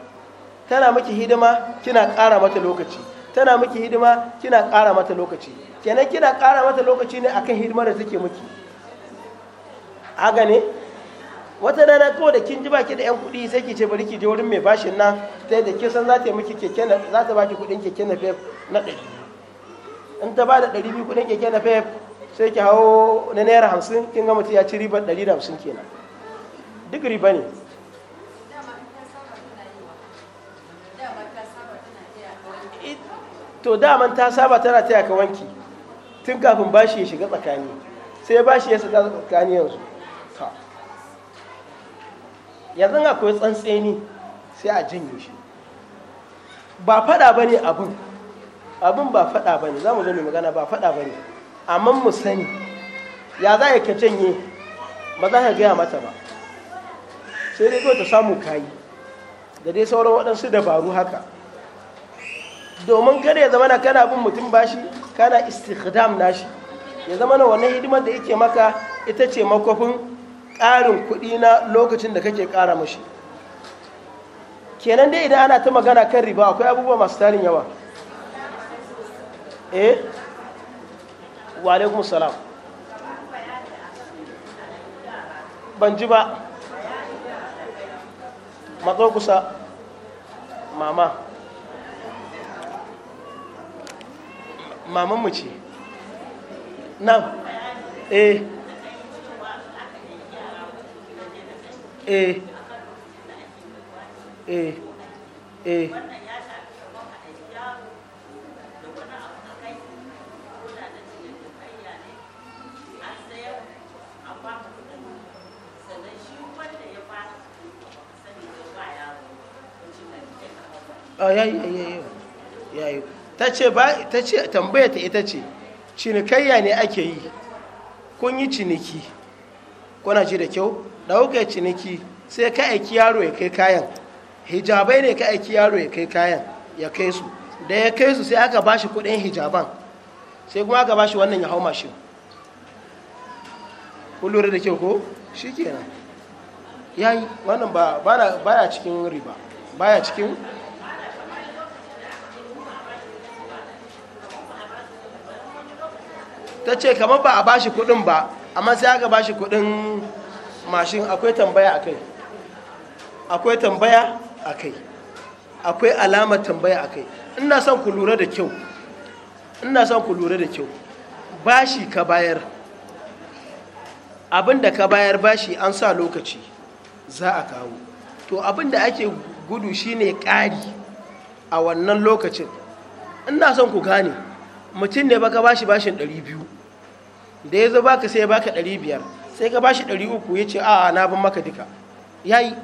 tana miki hidima kina ƙara mata lokaci tana miki hidima kina ƙara mata lokaci kenan kina ƙara mata lokaci ne akan hidimar da take miki a gane wata rana kawai da kin ji baki da yan kuɗi sai ki ce bari ki je wurin mai bashin nan ta yadda ke san za ta miki keke za ta baki kuɗin keke na fef na ɗari in ta ba da ɗari biyu kuɗin keke na fef sai ki hawo na naira hamsin kin ga mutum ya ci ribar ɗari da hamsin kenan duk riba ne to daman ta saba tana taya ka wanki tun kafin bashi ya shiga tsakani sai bashi ya shiga tsakani yanzu yanzu akwai tsantseni sai a jinyo shi ba fada ba ne abin abin ba fada ba ne za mu zo mai magana ba fada ba ne amma mu sani ya za ya canye ba za ka gaya mata ba sai dai kawai ta samu kayi da dai sauran waɗansu dabaru haka domin kada ya zama na kana bin mutum bashi kana na nashi ya zama na wannan hidimar da yake maka ita ce makofin ƙarin kuɗi na lokacin da kake ƙara mashi kenan dai idan ana ta magana kan riba akwai abubuwa masu tarin yawa eh wa alaikum salam ban ji ba matso kusa mama mama mu ce nan eh eh eh eh Oh, ta ce ba ta ce tambaya ta ita ce cinikayya ne ake yi kun yi ciniki kuna ji da kyau da kuka ciniki sai ka aiki yaro ya kai kayan hijabai ne ka aiki yaro ya kai kayan ya kai su da ya kai su sai aka ba shi kudin hijaban sai kuma aka ba shi wannan ya hau mashin kun lura da kyau ko shi kenan ya wannan ba na cikin riba baya cikin ta ce kamar ba a bashi kuɗin ba amma sai aka bashi kuɗin mashin akwai tambaya a kai akwai tambaya a kai akwai alamar tambaya a kai ina son ku lura da kyau ina son ku lura da kyau bashi ka bayar abinda ka bayar bashi an sa lokaci za a kawo to abinda ake gudu shine ƙari a wannan lokacin ina son ku gane mutum ne baka bashi bashin ɗari biyu da ya zo baka sai ya baka ɗari biyar sai ka bashi ɗari uku ya ce a'a na bin maka duka ya yi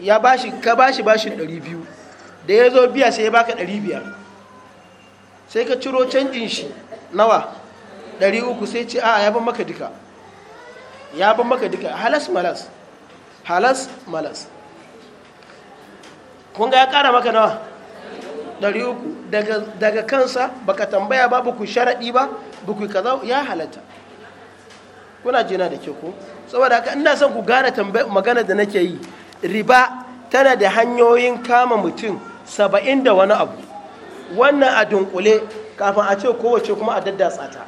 ya bashi ka bashi bashin ɗari biyu da ya zo biya sai ya baka ɗari biyar sai ka ciro canjin shi nawa ɗari uku sai ce a'a ya bin maka duka ya bin maka duka halas malas halas malas kun ga ya ƙara maka nawa 300 daga kansa baka tambaya ba ba ku sharaɗi ba buku kaza ya halatta kuna jina da ke ku saboda haka ina son ku gane magana da nake yi riba tana da hanyoyin kama mutum saba'in da wani abu wannan a dunkule kafin a ce kowace kuma a daddatsa ta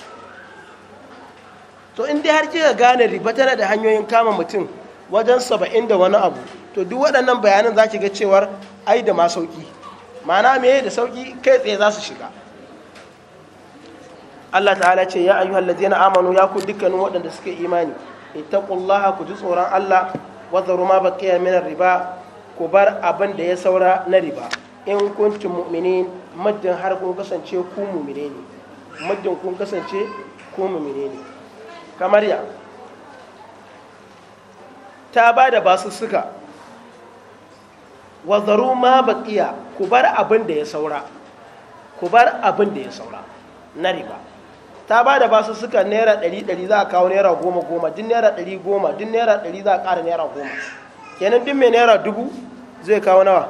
to in dai har kika gane riba tana da hanyoyin kama mutum wajen saba'in da wani abu to duk waɗannan bayanan za ki ga cewar ai da masauki sauki ma'ana me da sauki kai tsaye za su shiga Allah ta'ala ce ya ayyuhal ladzina amanu ya ku dukkanin waɗanda suke imani ita ittaqullaha ku ji tsoron Allah wa zaru ma baqiya min riba ku bar abin da ya saura na riba in kuntum mu'minin muddin har kun kasance ku mu'mine ne muddin kun kasance ku mu'mine ne kamar ya ta ba da basussuka wa zaru ma baqiya ku bar abin da ya saura ku bar abin da ya saura na riba ta ba da basu suka naira ɗari ɗari za a kawo naira goma goma duk naira ɗari goma duk naira ɗari za a ƙara naira goma kenan duk mai naira dubu zai kawo nawa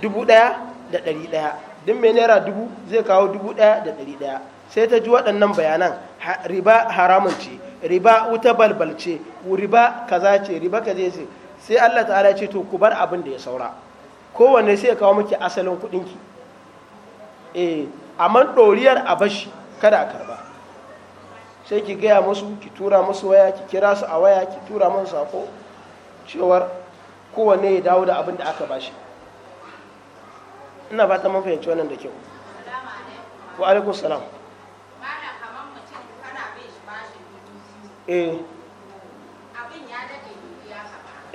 dubu ɗaya da ɗari ɗaya duk mai naira dubu zai kawo dubu ɗaya da ɗari ɗaya sai ta ji waɗannan bayanan riba haramun ce riba wuta balbal ce riba kaza ce riba kaza ce sai Allah ta'ala ya ce to ku bar abin da ya saura kowanne sai ya kawo miki asalin kuɗinki eh amma doriyar a bashi kada a karba sai ki gaya musu ki tura musu waya ki kira su a waya ki tura musu sako cewar kowanne ya dawo da abin da aka bashi ina fata mun fahimci wannan da kyau wa alaikum salam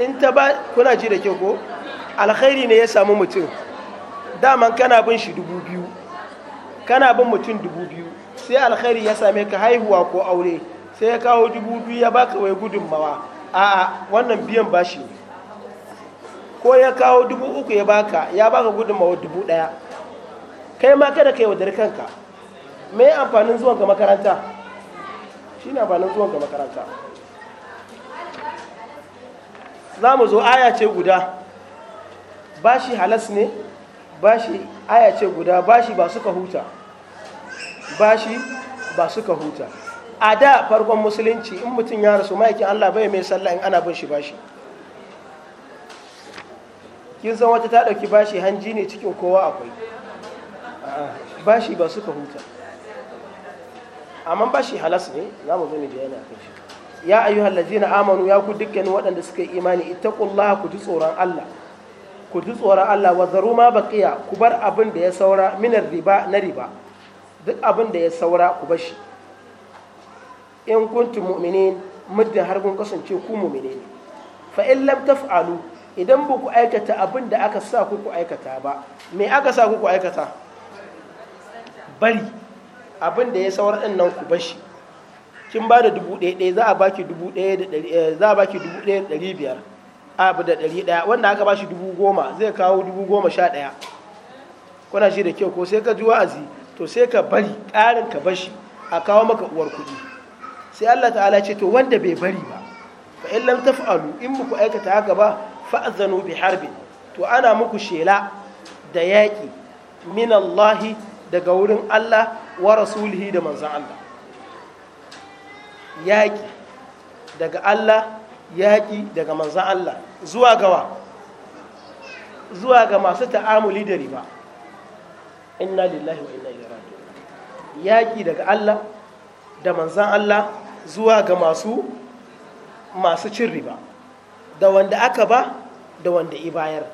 in ta ba kuna ji da kyau ko alkhairi ne ya samu mutum daman kana bin shi dubu biyu kana bin mutum dubu biyu sai alkhairi ya same ka haihuwa ko aure sai ya kawo dubu biyu ya baka wai gudunmawa a'a wannan biyan bashi ne ko ya kawo dubu uku ya baka ya baka gudunmawa dubu ɗaya kai ma kada ka yaudari kanka me amfanin ka makaranta shi ne amfanin ka makaranta za mu zo aya ce guda bashi halas ne bashi aya ce guda bashi ba suka huta bashi ba suka huta a da farkon musulunci in mutum ya rasu ma'aikin allah bai mai sallah in ana bin shi bashi kin san wata ta ɗauki bashi hanji ne cikin kowa akwai bashi ba suka huta amma bashi halas ne za mu zo ne da yana kai shi ya ayyuhal ladzina amanu ya ku dukkanin waɗanda suka yi imani ittaqullaha ku ji tsoron Allah ku ji tsoron Allah wa zaru ma baqiya ku bar abin da ya saura minar riba na riba duk abin da ya saura ku bar shi in kuntum mu'minin muddin har kun kasance ku mu'mine ne fa in lam taf'alu idan ba ku aikata abin da aka sa ku ku aikata ba me aka sa ku ku aikata bari abin da ya saura din nan ku bar shi kin ba da dubu ɗaya ɗaya za a baki dubu ɗaya da ɗari eh, za a baki dubu ɗaya da ɗari biyar abu da ɗari ɗaya wanda aka ba shi dubu goma zai kawo dubu goma sha ɗaya kuna shi da kyau ko sai ka ji wa'azi to sai ka bari ƙarin ka bashi a kawo maka uwar kuɗi sai Allah ta'ala ce to wanda bai bari ba fa in lam taf'alu in muku aikata haka ba fa'zanu bi harbin to ana muku shela da yaƙi min Allah daga wurin Allah wa rasulihi da manzon Allah yaƙi daga Allah yaƙi daga manzan Allah zuwa gawa zuwa ga masu ta'amuli da riba inna lillahi wa inna ilaihi raji'un yaƙi daga Allah da manzan Allah zuwa ga masu masu cin riba da wanda aka ba da wanda i bayar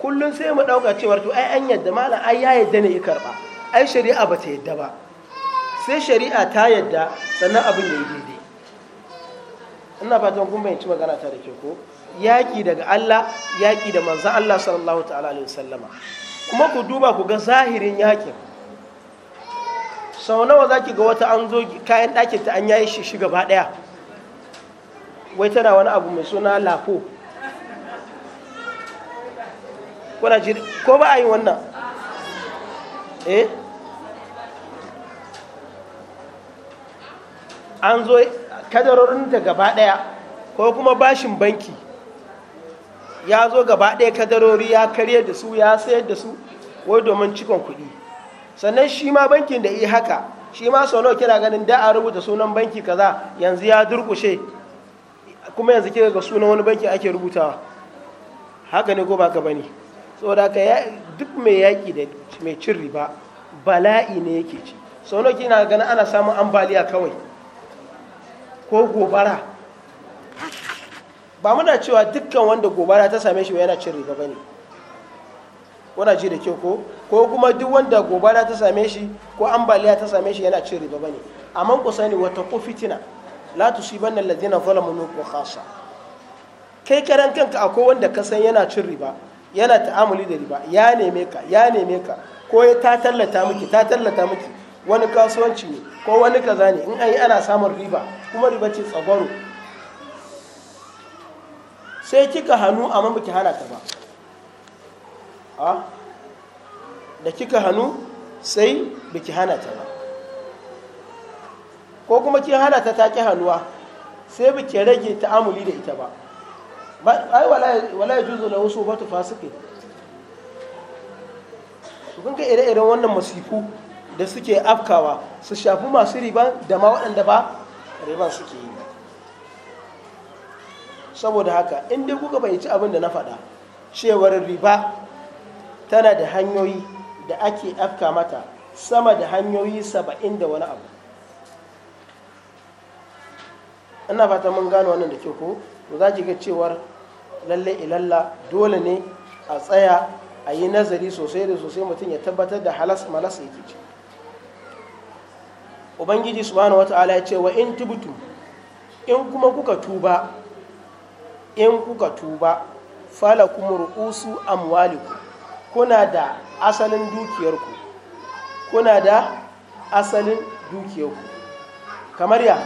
kullum sai mu ɗauka cewar to ai an yadda malam ai ya yadda ne i karɓa ai shari'a ba ta yadda ba sai shari'a ta yadda sannan abin ya yi daidai ina fatan kun bayanci magana ta da ke ko yaƙi daga Allah yaƙi da manzan Allah sallallahu ta'ala alaihi sallama kuma ku duba ku ga zahirin yaƙin sau nawa za ki ga wata an zo kayan ɗakin ta an yayi shi shi gaba ɗaya wai tana wani abu mai suna lafo ko ba a yi wannan eh an zo kadarorin da gaba ɗaya ko kuma bashin banki ya zo gaba daya kadarori ya karye da su ya sayar da su wai domin cikon kuɗi sannan shi ma bankin da yi haka shi ma sau kira ganin da a rubuta sunan banki kaza yanzu ya durkushe kuma yanzu kira ga sunan wani banki ake rubutawa haka ne ko ba ka bane saboda ka duk mai yaƙi da mai cin riba bala'i ne yake ci sau kina ganin ana samun ambaliya kawai ko gobara ba muna cewa dukkan wanda gobara ta same shi yana cin riba ne wana ji da kyau ko ko kuma duk wanda gobara ta same shi ko ambaliya ta same shi yana cin riba ne amma ku sani wata ko fitina la tusibanna alladhina zalamu minkum khassa kai karan kanka akwai wanda ka san yana cin riba yana ta'amuli da riba ya neme ka ya neme ka ko ya ta tallata miki ta tallata miki wani kasuwanci ne ko wani kaza ne in an yi ana samun riba kuma riba ce tsagwaro sai kika hannu a baki hana ta ba a da kika hannu sai biki hana ta ba ko kuma ki hana ta ta ki hannuwa sai biki rage ta'amuli da ita ba ai wala ya juzo lahu wasu batu fasike su ga ire-iren wannan masifu da suke afkawa su shafi masu riban da ma waɗanda ba riban suke yi saboda haka in dai kuka bayyaci abin da na faɗa cewar riba tana da hanyoyi da ake afka mata sama da hanyoyi saba'in da wani abu ina fata mun gano wannan da ke ko za ki ga cewar lalle ilalla dole ne a tsaya a yi nazari sosai da sosai mutum ya tabbatar da halas malas yake ce ubangiji subhanahu wata'ala ya ce wa in tubtum in kuma kuka tuba in kuka tuba falakum ru'usu amwalikum kuna da asalin dukiyarku kuna da asalin dukiyarku kamar ya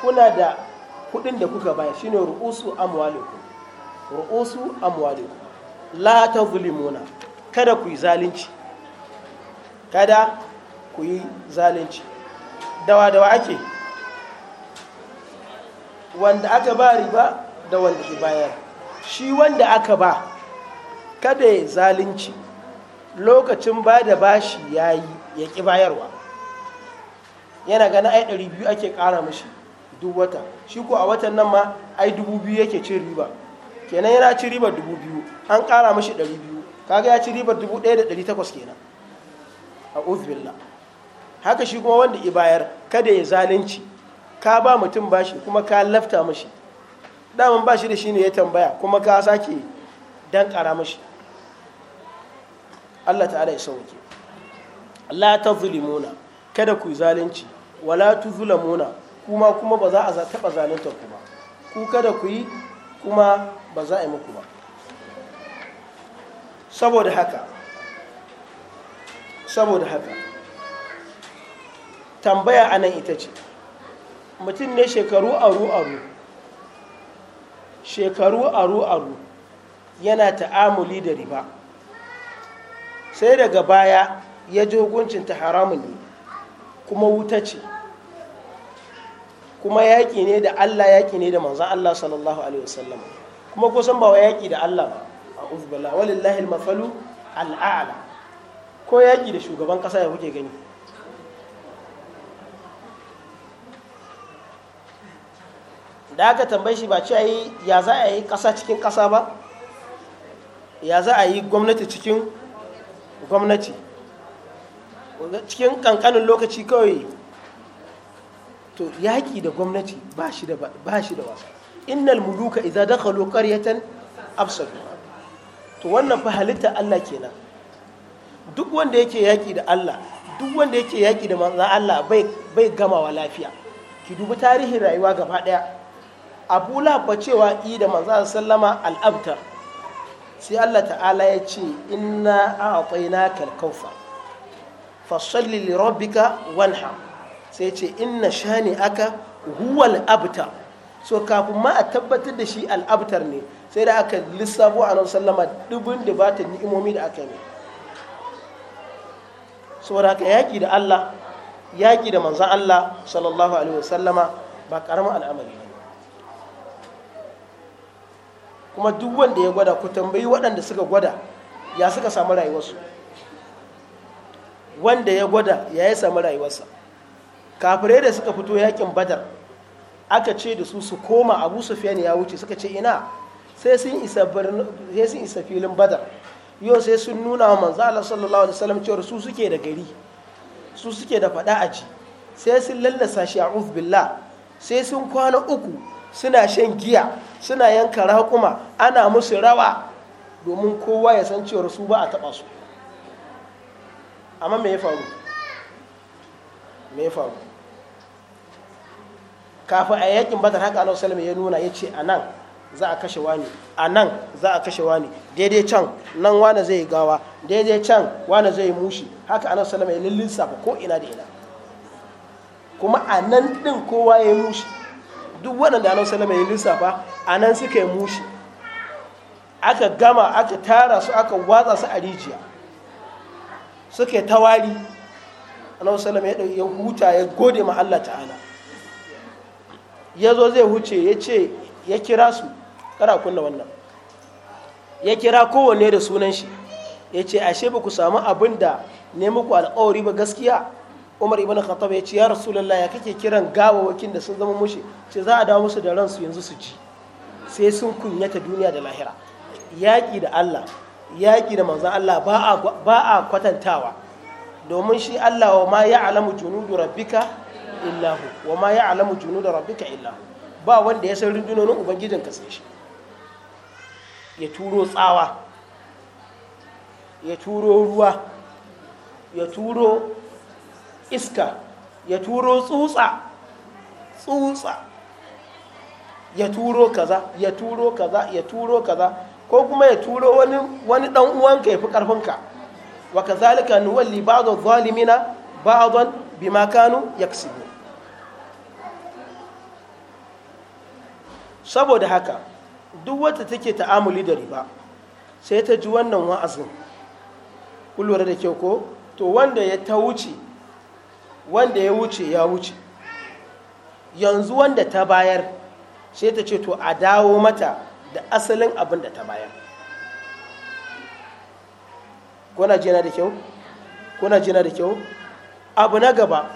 kuna da kudin da kuka bayar shine ru'usu amwalikum ru'usu amwalikum la tazlimuna kada ku yi zalunci kada ku yi zalunci dawa dawa ake wanda aka ba riba da wanda ke bayar shi wanda aka ba kada ya zalunci lokacin ba da bashi ya yi ya ki bayarwa yana gana ai ɗari biyu ake ƙara mashi duk wata shi ko a watan nan ma ai dubu biyu yake cin riba kenan yana cin ribar dubu biyu an ƙara mashi ɗari biyu kaga ya ci ribar dubu ɗaya da ɗari takwas kenan a uzbillah haka shi kuma wanda ibayar kada ya zalunci ka ba mutum bashi kuma ka lafta mashi daman bashi da shi ne ya tambaya kuma ka sake dan kara mashi Allah ta'ala ya sauke la tazlimuna kada ku zalunci wala tuzlamuna kuma kuma ba za a taɓa zalunta ku ba ku kada ku yi kuma ba za a yi muku ba saboda haka saboda haka tambaya a nan ita ce mutum ne shekaru aru-aru shekaru aru-aru yana ta'amuli da riba sai daga baya ya ji hukuncin ta haramun ne kuma wuta ce kuma yaƙi ne da allah yaƙi ne da manzan allah sallallahu alaihi wasallam kuma kusan ba wa yaƙi da allah ba a uzbala walillahi al-mafalu al'ala ko yaƙi da shugaban ƙasa ya kuke gani da aka tambaye shi ba cewa ya za a yi ƙasa cikin ƙasa ba ya za a yi gwamnati cikin gwamnati cikin ƙanƙanin lokaci kawai to yaƙi da gwamnati ba shi da wasa innal muluka idza dakhalu qaryatan absadu to wannan fa halitta Allah kenan duk wanda yake yaƙi da Allah duk wanda yake yaƙi da manzan Allah bai bai gamawa lafiya ki dubi tarihin rayuwa gaba ɗaya abu lahabba cewa i da sallama al'abtar sai allah ta'ala ya ce inna a akwai na kalkaufa fasalli lirobika wanha sai ce inna shani aka huwal abtar so kafin ma a tabbatar da shi al'abtar ne sai da aka lissafo a nan sallama dubin ba ta ni'imomi da aka yi saboda ka yaƙi da allah yaƙi da allah sallallahu alaihi wasallama ba ƙaramin al'amari kuma duk wanda ya gwada ku tambayi waɗanda suka gwada ya suka samu rayuwarsu wanda ya gwada ya yi samu rayuwarsa kafirai da suka fito yakin badar aka ce da su su koma abu fiye ya wuce suka ce ina sai sun isa filin badar yau sai sun nuna wa manzo Allah sallallahu alaihi wasallam cewa su suke da gari su suke da fada a ci sai sun lallasa shi a billah sai sun kwana uku suna shan giya suna yanka raƙuma ana musu rawa domin kowa ya san cewar su ba a taɓa su amma me ya faru me ya faru kafin a yakin batar haka annabi salama ya nuna ya ce a nan za a kashe wani a nan za a kashe wani daidai can nan wani zai gawa daidai can wani zai mushi haka annabi salama ya lissafa ko ina da ina kuma a nan din kowa ya mushi duk waɗanda annabi sallama ya lissafa a nan suka yi mushi aka gama aka tara su aka watsa su a rijiya suka yi tawali annabi sallama ya huta ya gode ma Allah ta'ala ya zo zai huce ya ce ya kira su kara kunna wannan ya kira kowanne da sunan shi ya ce ashe ba ku samu abin da ne muku alkawari ba gaskiya umar ibn khattab ya ce ya rasulullah ya kake kiran gawawakin da sun zama mushi ce za a dawo musu da ransu yanzu su ji sai sun kunyata duniya da lahira yaƙi da Allah yaƙi da manzan Allah ba a kwatantawa domin shi Allah wa ma ya alamu junudu rabbika illahu wa ma ya alamu junudu rabbika illahu ba wanda ya san rundunonin ubangijin ka sai shi ya turo tsawa ya turo ruwa ya turo iska ya turo tsutsa tsutsa ya turo kaza ya turo kaza ya turo kaza ko kuma ya turo wani wani dan uwanka ya fi karfinka wa kazalika nuwalli ba'd adh-dhalimina ba'dan bima kanu yaksubu saboda haka duk wata take ta'amuli da riba sai ta ji wannan wa'azin kullu da kyau ko to wanda ya ta wuce wanda ya wuce ya wuce yanzu wanda ta bayar sai ta ce to a dawo mata da asalin abin da ta bayar kuna jina da kyau kuna jina da kyau abu na gaba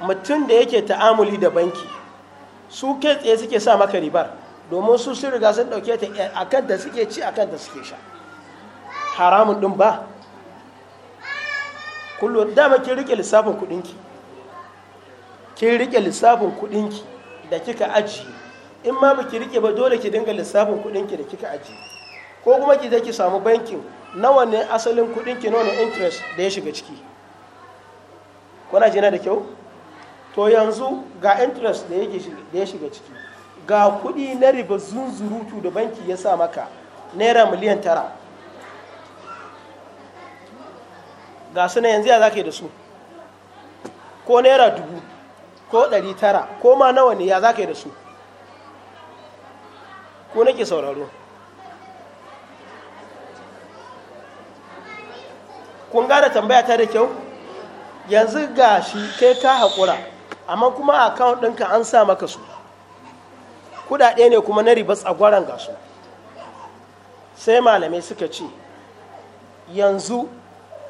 mutum da yake ta'amuli da banki su kai tsaye suke sa maka ribar domin su sun riga sun dauke ta akan da suke ci akan da suke sha haramun din ba kullum dama kin rike lissafin kudinki kin rike lissafin kudinki da kika ajiye in ma baki rike ba dole ki dinga lissafin kudinki da kika ajiye ko kuma ki je ki samu bankin nawa ne asalin kudinki nawa ne interest da ya shiga ciki kuna jina da kyau to yanzu ga interest da ya shiga ciki ga kudi na riba zunzurutu da banki ya sa maka naira miliyan tara ga suna yanzu ya zaka yi da su ko naira dubu ko ɗari tara ko ma nawa ne ya zaka yi da su ko nake sauraro kun gane tambaya ta da kyau yanzu ga shi kai ka haƙura amma kuma akawun ɗinka an sa maka su kuɗaɗe ne kuma na riba tsagwaron gasu sai malamai suka ce yanzu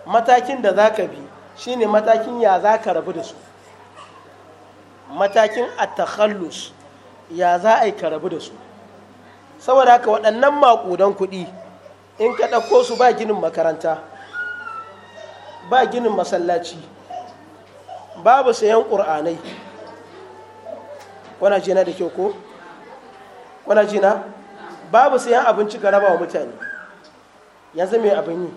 matakin da za ka bi shi ne matakin ya za ka rabu da su matakin attakhallus ya za a yi ka rabu da su saboda haka waɗannan maƙudan kuɗi in ka ɗauko su ba ginin makaranta ba ginin masallaci babu sayan ƙur'anai wana jina da kyau ko? wana jina babu sayan abinci ga raba wa mutane yanzu mai abin yi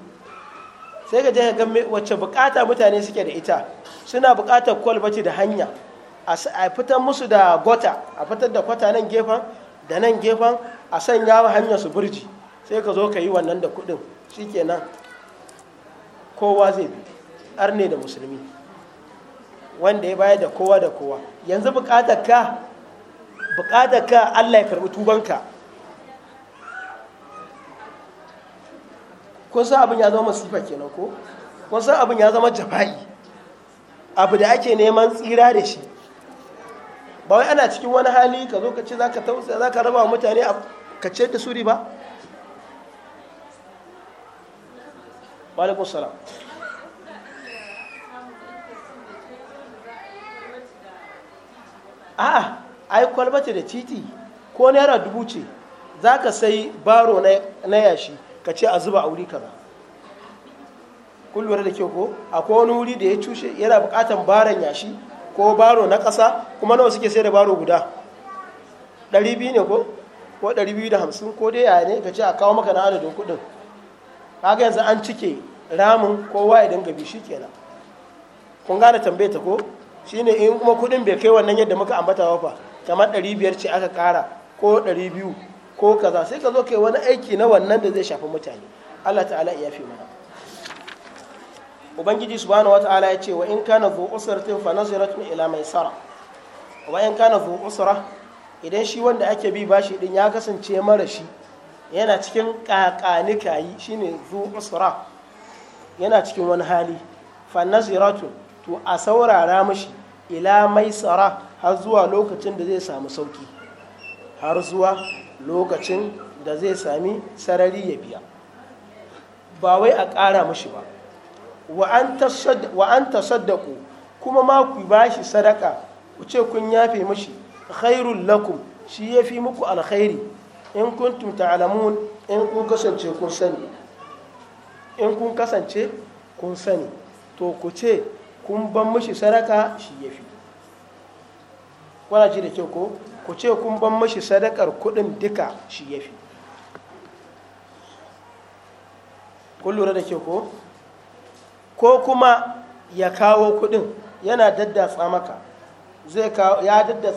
sai ka je ka ga wacce bukata mutane suke da ita suna bukatar kwalbati da hanya a fitar musu da gota a fitar da kwata nan gefen da nan gefen a sanya hanyar su burji sai ka zo ka yi wannan da kudin shikenan kowa zai bi arne da musulmi wanda ya bayar da kowa da kowa yanzu bukatar ka bukatar ka Allah ya karbi tubanka kun san abin ya zama masifa kenan ko kun san abin ya zama jafa'i abu da ake neman tsira da shi ba wai ana cikin wani hali ka zo ka ce za ka tausa za ka raba mutane a ce da suri ba walaikun salam a'a ai kwalbati da titi ko naira dubu ce za ka sai baro na yashi ka ce a zuba a wuri kaza kullum da ke ko akwai wani wuri da ya cushe yana bukatan baron yashi ko baro na kasa kuma nawa suke sai da baro guda 200 ne ko ko 250 ko dai yaya ne ka ce a kawo maka na adadin kuɗin haka yanzu an cike ramin kowa ya dinga shi kenan kun gane tambaye ta ko shine in kuma kuɗin bai kai wannan yadda muka ambata ba kamar 500 ce aka kara ko 200 ko kaza sai ka zo kai wani aiki na wannan da zai shafi mutane Allah ta'ala ya fi mana ubangiji subhanahu ta'ala ya ce wa in kana zu usratin fa nazratun ila maisara wa in kana zu usra idan shi wanda ake bi bashi din ya kasance mara shi yana cikin kakanikayi shine zu usra yana cikin wani hali fa nazratun to a saurara mashi ila maisara har zuwa lokacin da zai samu sauki har zuwa lokacin da zai sami sarari ya biya ba wai a ƙara mashi ba wa an tasaddaku kuma ma ku ba shi sadaka ku ce kun yafe mashi khairun lakum shi ya fi muku alkhairi in kun tuta alamun in kun kasance kun sani in kun kasance kun sani to ku ce kun ban mashi sadaka shi ya fi kwanaci ji da kyau ko ku ce kun ban mashi sadakar kuɗin duka shi ya fi kun lura da ke ko ko kuma ya kawo kuɗin yana daddatsa maka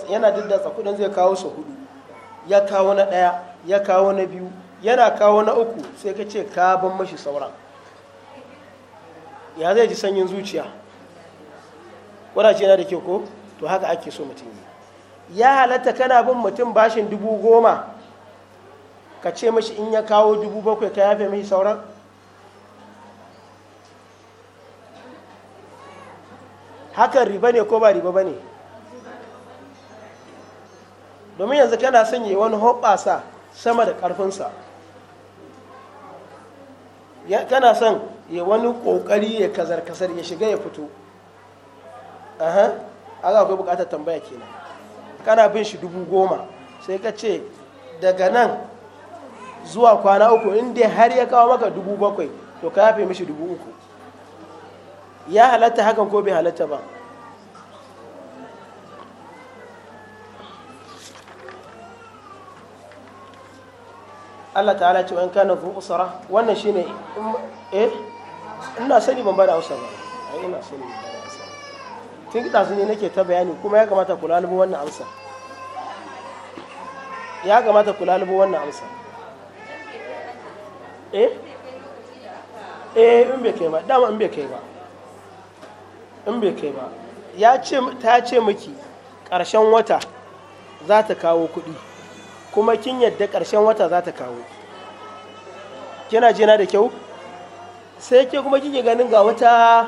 yana daddatsa kuɗin zai kawo su hudu ya kawo na ɗaya ya kawo na biyu yana kawo na uku sai ka ce ka ban mashi sauran ya zai ji sanyin zuciya wadace yana da ke ko to haka ake so mutum yi ya halatta kana bin mutum bashin dubu goma ka ce mashi in ya kawo dubu bakwai ka yafe mai sauran hakan riba ne ko ba riba ba ne domin yanzu kana son yi wani hoɓasa sama da ƙarfinsa kana son yi wani ƙoƙari ya kazar kasar ya shiga ya fito aha aga akwai buƙatar tambaya kenan kana bin shi dubu goma sai ka ce daga nan zuwa kwana uku inda har ya kawo maka dubu bakwai to ka yafe mishi dubu uku ya halatta hakan ko bai halatta ba Allah ta'ala ce wani kanin zuwa usara wannan shine eh ina sani ban bada hausa ba ina sani ba tun kita su ne nake ta bayani kuma ya kamata ku lalubo wannan amsa ya kamata ku lalubu wannan amsa eh eh in bai kai ba dama in bai kai ba in bai kai ba ya ce ta ce miki ƙarshen wata za ta kawo kuɗi kuma kin yadda ƙarshen wata za ta kawo kina jina da kyau sai ke kuma kike ganin ga wata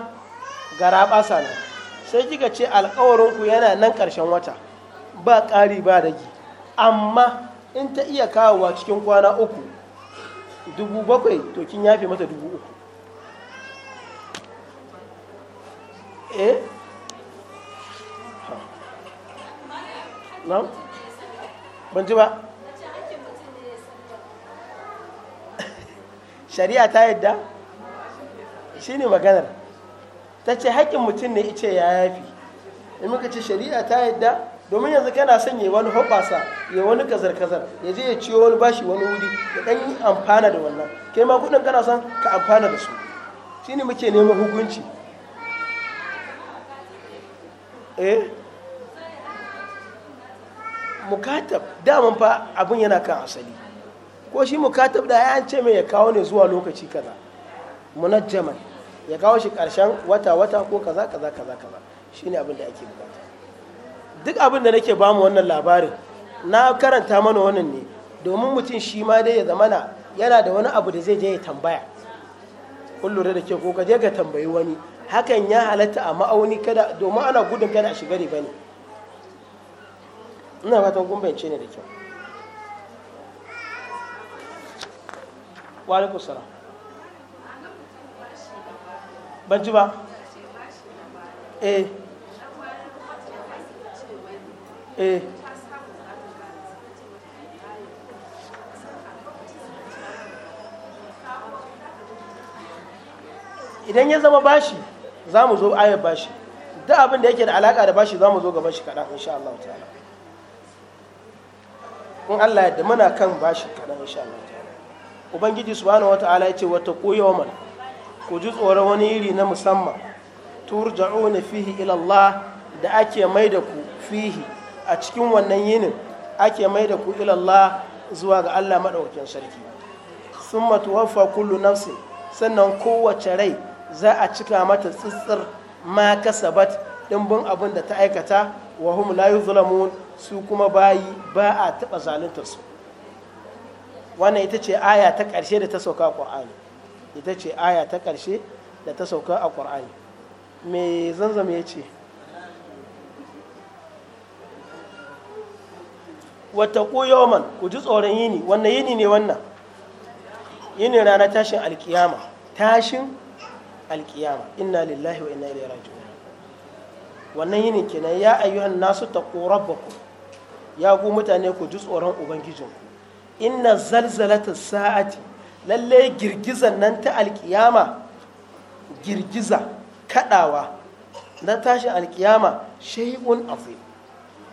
gara ɓasa sai kika ce alkawarinku yana nan ƙarshen wata ba ƙari ba rage amma in ta iya kawowa cikin kwana uku dubu bakwai to kin yafe mata dubu uku eh na ban ji ba shari'a ta yadda shi ne maganar ta ce haƙƙin mutum ne ice ya yafi in muka ce shari'a ta yadda domin yanzu kana son ya wani hoɓasa ya wani kazar-kazar ya je ya ciyo wani bashi wani wuri ya ɗan yi amfana da wannan kai ma kuɗin kana son ka amfana da su shi ne muke neman hukunci eh mukatab daman fa abin yana kan asali ko shi mukatab da ya ce mai ya kawo ne zuwa lokaci kaza munajjaman ya kawo shi karshen wata wata ko kaza kaza kaza kaza shine abin da ake bukata duk abin da nake bamu wannan labarin na karanta mana wannan ne domin mutum shi ma dai ya zamana yana da wani abu da zai je ya tambaya kun lura da ke ko ka je ka tambayi wani hakan ya halatta a ma'auni kada domin ana gudun kada a shiga riba ne ina fatan kun ne da kyau wa alaikum salam banci ba eh eh idan ya zama bashi za mu zo ayar bashi duk abin da yake da alaka da bashi za mu zo gaban shi kaɗan insha Allah ta'ala in Allah ya muna kan bashi kaɗan insha Allah ta'ala ubangiji subhanahu wata'ala ya ce wata koyo mana ku ji tsoron wani iri na musamman turja'una fihi ilallah da ake mai da ku fihi a cikin wannan yinin ake mai da ku ilallah zuwa ga Allah maɗaukin sarki sun tuwaffa kullu nafsi sannan kowace rai za a cika mata tsitsir ma kasabat dimbin abin da ta aikata wa hum la su kuma bayi ba a taba zaluntar su wannan ita ce aya ta ƙarshe da ta sauka ƙwa'ani ita ce aya ta ƙarshe da ta sauka a ƙwar'ani mai zanzam ya ce wata yawman ku ji tsoron yini wannan yini ne wannan yini rana tashin alkiyama tashin alkiyama inna lillahi wa inna ilaihi raji'un wannan yini kenan ya ayyuhan nasu taqu rabbakum ya ku mutane ku ji tsoron ubangijinku inna zalzalata sa'ati Lallai girgizan nan ta alkiyama girgiza kadawa na tashin alkiyama shay'un azim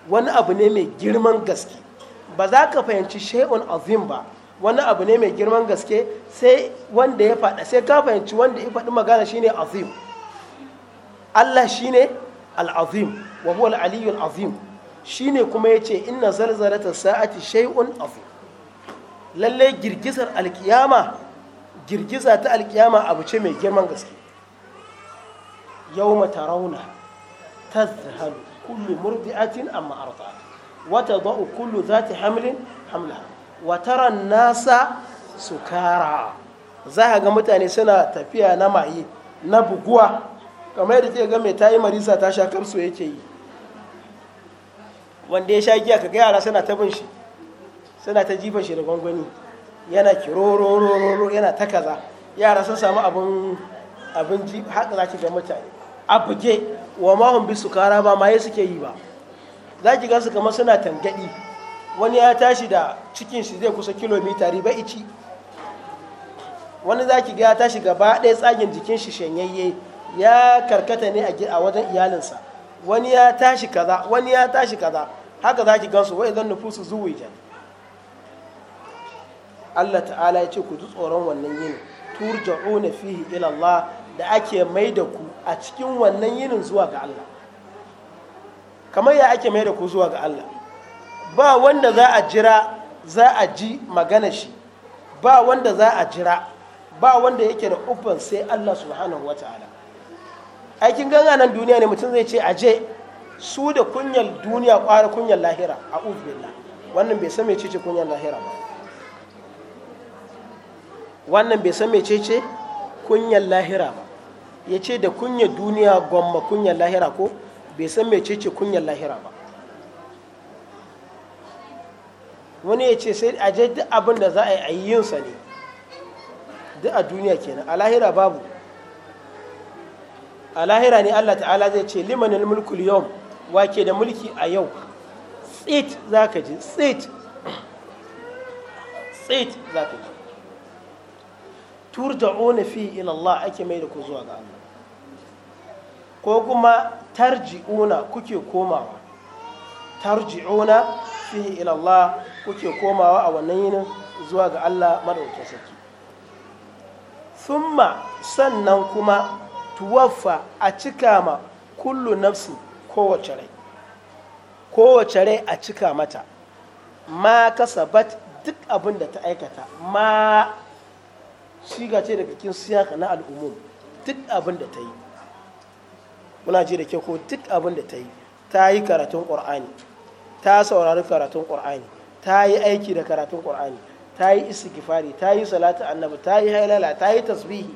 wani abu ne mai girman gaske ba za ka fahimci shay'un azim ba wani abu ne mai girman gaske sai wanda ya faɗa sai ka fahimci wanda ya faɗi magana shine azim Allah shine al-azim wa huwa al-aliyyul azim shine kuma yace inna zalzalata sa'ati shay'un azim lallai girgizar alkiyama girgiza ta alkiyama abu ce mai girman gaske yau mata rauna ta zahalu kullu murdi'atin amma arda'at wata zau kullu ta hamlin hamla wa ran nasa su kara za a ga mutane suna tafiya na maye na buguwa kamar yadda ke ga mai yi marisa ta sha kamsu yake yi wanda ya sha giya ka ga yara suna ta shi suna ta jifan shi da gwangwani yana kirorororo yana ta kaza yara sun samu abin abin ji haka za ki ga mutane a buge wa mahun bi su kara ba ma maye suke yi ba za ki ga kamar suna tangaɗi. wani ya tashi da cikin shi zai kusa kilomita riba ici wani za ki ga ya tashi gaba ɗaya tsagin jikin shi shanyayye ya karkata ne a wajen iyalinsa wani ya tashi kaza wani ya tashi kaza haka za ki gansu wa idan nufusu jani Allah ta'ala ya ce ku ji tsoron wannan yinin turja'una fihi ila Allah da ake mai da ku a cikin wannan yinin zuwa ga Allah kamar ya ake mai da ku zuwa ga Allah ba wanda za a jira za a ji magana shi ba wanda za a jira ba wanda yake da uban sai Allah subhanahu wa ta'ala aikin ganga nan duniya ne mutum zai ce aje su da kunyar duniya kwara kunyar lahira a billah wannan bai san mece ce kunyar lahira ba wannan bai san mecece kunyar lahira ba ya ce da kunyar duniya gwamma kunyar lahira ko bai san mecece kunyar lahira ba wani ya ce sai a duk abin da za a yi yinsa ne duk a duniya kenan a lahira babu a lahira ne allah ta'ala zai ce limanin mulkul yau wake da mulki a yau tsit za ka ji tsit tsit za ka ji turja'una fi ila Allah ake mai da ku zuwa ga Allah ko kuma tarji'una kuke komawa tarji'una fi ila Allah kuke komawa a wannan yinin zuwa ga Allah madaukakin sarki thumma sannan kuma tuwaffa a cika ma kullu nafsi kowace rai kowace rai a cika mata ma kasabat duk abin da ta aikata ma siga ce daga cikin siyaka na al'umum duk abin da ta yi muna ce da ke ko duk abin da ta yi ta yi karatun ƙur'ani ta saurari karatun ƙur'ani ta yi aiki da karatun ƙur'ani ta yi istighfari ta yi salatu annabi ta yi hailala ta yi tasbihi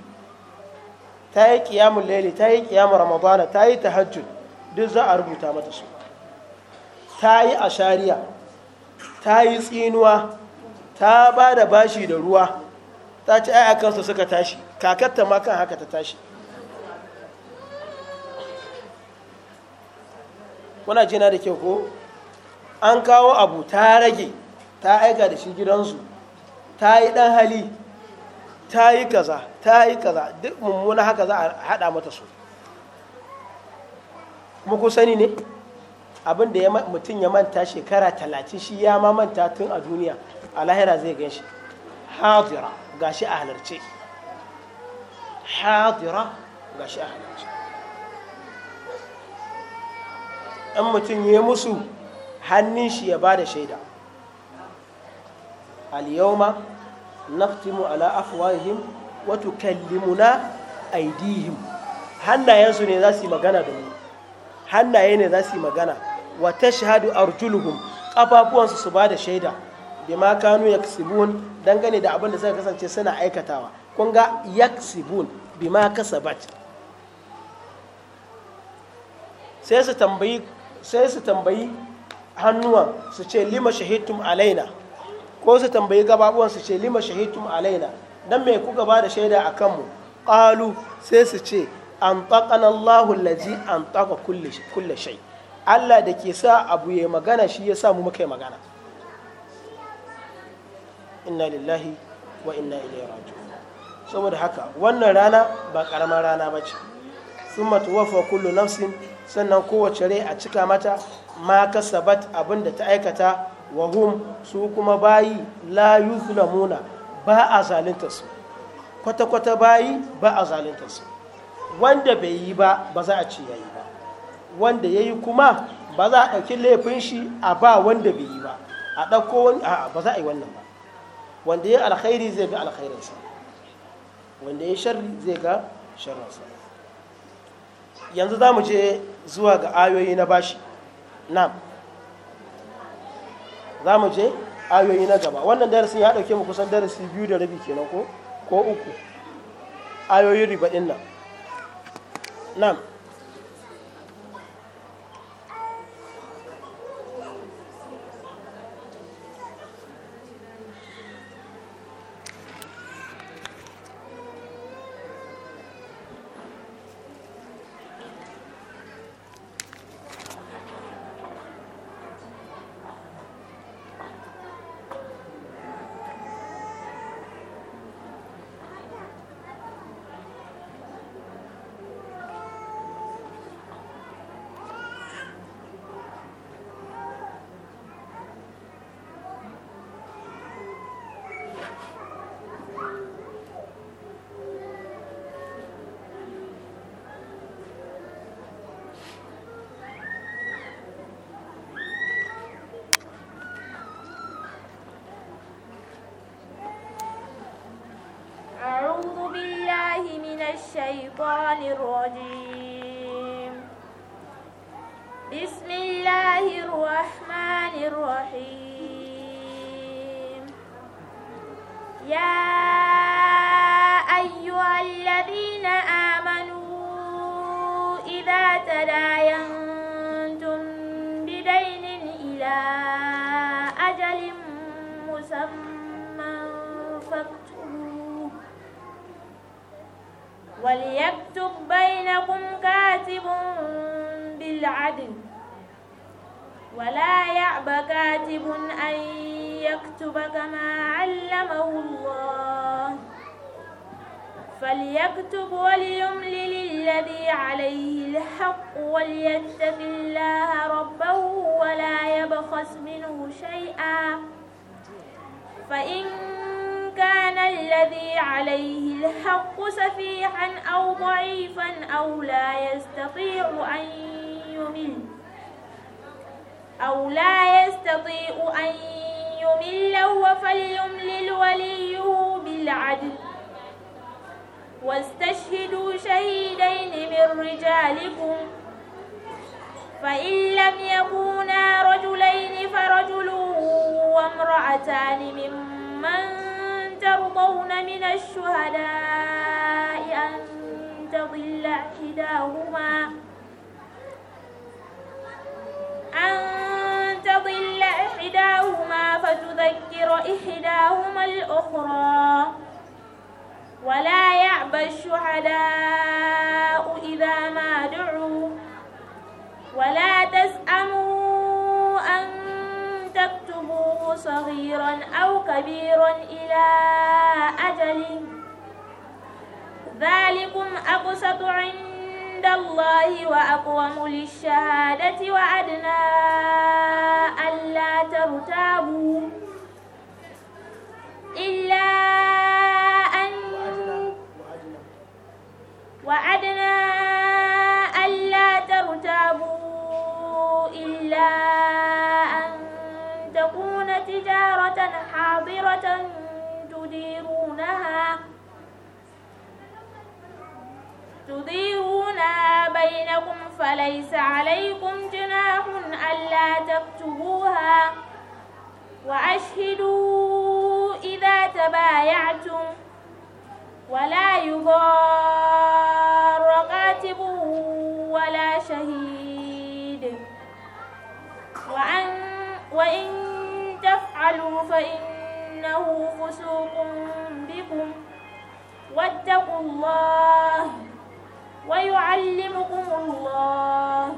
ta yi kiyamun laili ta yi kiyamun ramadana ta yi tahajjud duk za a rubuta mata su ta yi ashariya ta yi tsinuwa ta ba da bashi da ruwa ta ce ai kansu suka tashi kakatta ma kan haka ta tashi kuna jina da kyau ko an kawo abu ta rage ta aika da shi gidansu ta yi dan hali ta yi kaza ta yi kaza duk mummuna haka za a hada mata su kuma ku sani ne abin da mutum ya manta shekara talatin shi ya ma manta tun a duniya a lahira zai gan shi hadira gashi a halarce hadira gashi a halarce in mutum ya musu hannun shi ya ba da shaida al-yawma naftimu ala afwahihim wa tukallimuna aidihim hannayensu ne za su yi magana da mu hannaye ne za su yi magana wa tashhadu arjuluhum ƙafafuwansu su ba da shaida bima kanu yaksibun dangane da abin da suka kasance suna aikatawa kun ga yaksibun bima kasabat sai su tambayi sai su tambayi hannuwan su ce lima shahidtum alaina ko su tambayi gababuwan su ce lima shahidtum alaina dan me kuka ba da shaida a kanmu qalu sai su ce an taqana Allahu allazi an taqa kulli kulli shay Allah da ke sa abu ya magana shi ya sa mu muka magana inna lillahi wa inna ilaihi raji'un saboda haka wannan rana ba karamar rana ba ce thumma tuwaffa kullu nafsin sannan kowace rai a cika mata ma kasabat abin da ta aikata wa hum su kuma bayi la yuzlamuna ba a zalunta su kwata-kwata bayi ba a zalunta su wanda bai yi ba ba za a ce yayi ba wanda ya yi kuma ba za a ɗauki laifin shi a ba wanda bai yi ba a ɗauko wani a ba za a yi wannan ba wanda ya alkhairi zai ga alkhairinsa wanda ya shari zai ga sharrinsa yanzu za mu je zuwa ga ayoyi na bashi na za mu je ayoyi na gaba wannan darasin ya dauke mu kusan darasi biyu da rabi kenan ko ko uku ayoyin riba nan na الشيطان الرجيم ولا يعب كاتب أن يكتب كما علمه الله فليكتب وليملل الذي عليه الحق وليتق الله ربه ولا يبخس منه شيئا فإن كان الذي عليه الحق سفيحا أو ضعيفا أو لا يستطيع أن يمل أو لا يستطيع أن يمل هو فليملل وليه بالعدل واستشهدوا شهيدين من رجالكم فإن لم يكونا رجلين فرجل وامرأتان ممن ترضون من الشهداء أن تضل إحداهما أن تذكر إحداهما الأخرى ولا يعبى الشهداء إذا ما دعوا ولا تسأموا أن تكتبوه صغيرا أو كبيرا إلى أجل ذلكم أقسط عند الله وأقوم للشهادة وأدنى ألا ترتابوا إلا أن وعدنا ألا ترتابوا إلا أن تكون تجارة حاضرة تديرونها تديرونها بينكم فليس عليكم جناح ألا تكتبوها وأشهدوا إذا تبايعتم ولا يضار قاتب ولا شهيد وأن وإن تفعلوا فإنه فسوق بكم واتقوا الله ويعلمكم الله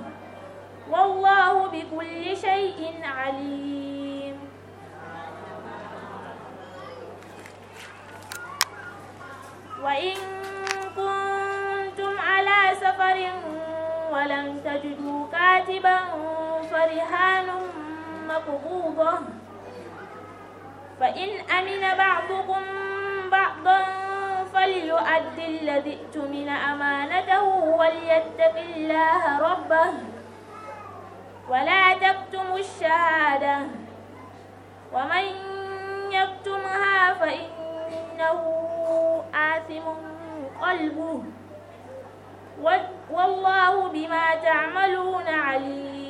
والله بكل شيء عليم وإن كنتم على سفر ولم تجدوا كاتبا فرهان مقبوضة فإن أمن بعضكم بعضا فليؤد الذي اؤتمن أمانته وليتق الله ربه ولا تكتموا الشهادة ومن يكتمها فإنه قاسم قلبه والله بما تعملون عليم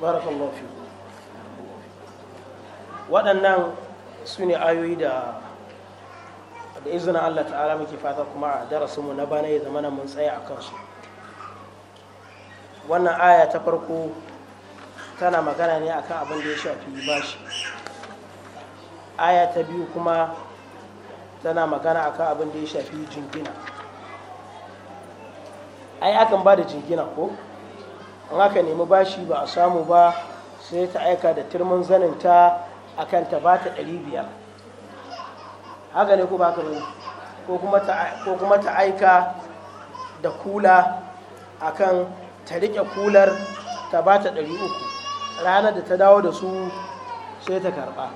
barakallahu fi waɗannan su ne ayoyi da da izinin Allah ta'ala muke fata kuma a darasinmu na bana ya zama mun tsaya a kansu wannan aya ta farko tana magana ne akan abin da ya shafi bashi aya ta biyu kuma tana magana akan abin da ya shafi jingina ai akan ba da jingina ko an aka nemi bashi ba a samu ba sai ta aika da turmin zaninta a kan ta ba ta ɗari biyar haka ne ko ba ka ko kuma ta aika da kula a kan ta riƙe kular ta ba ta ɗari uku ranar da ta dawo da su sai ta karɓa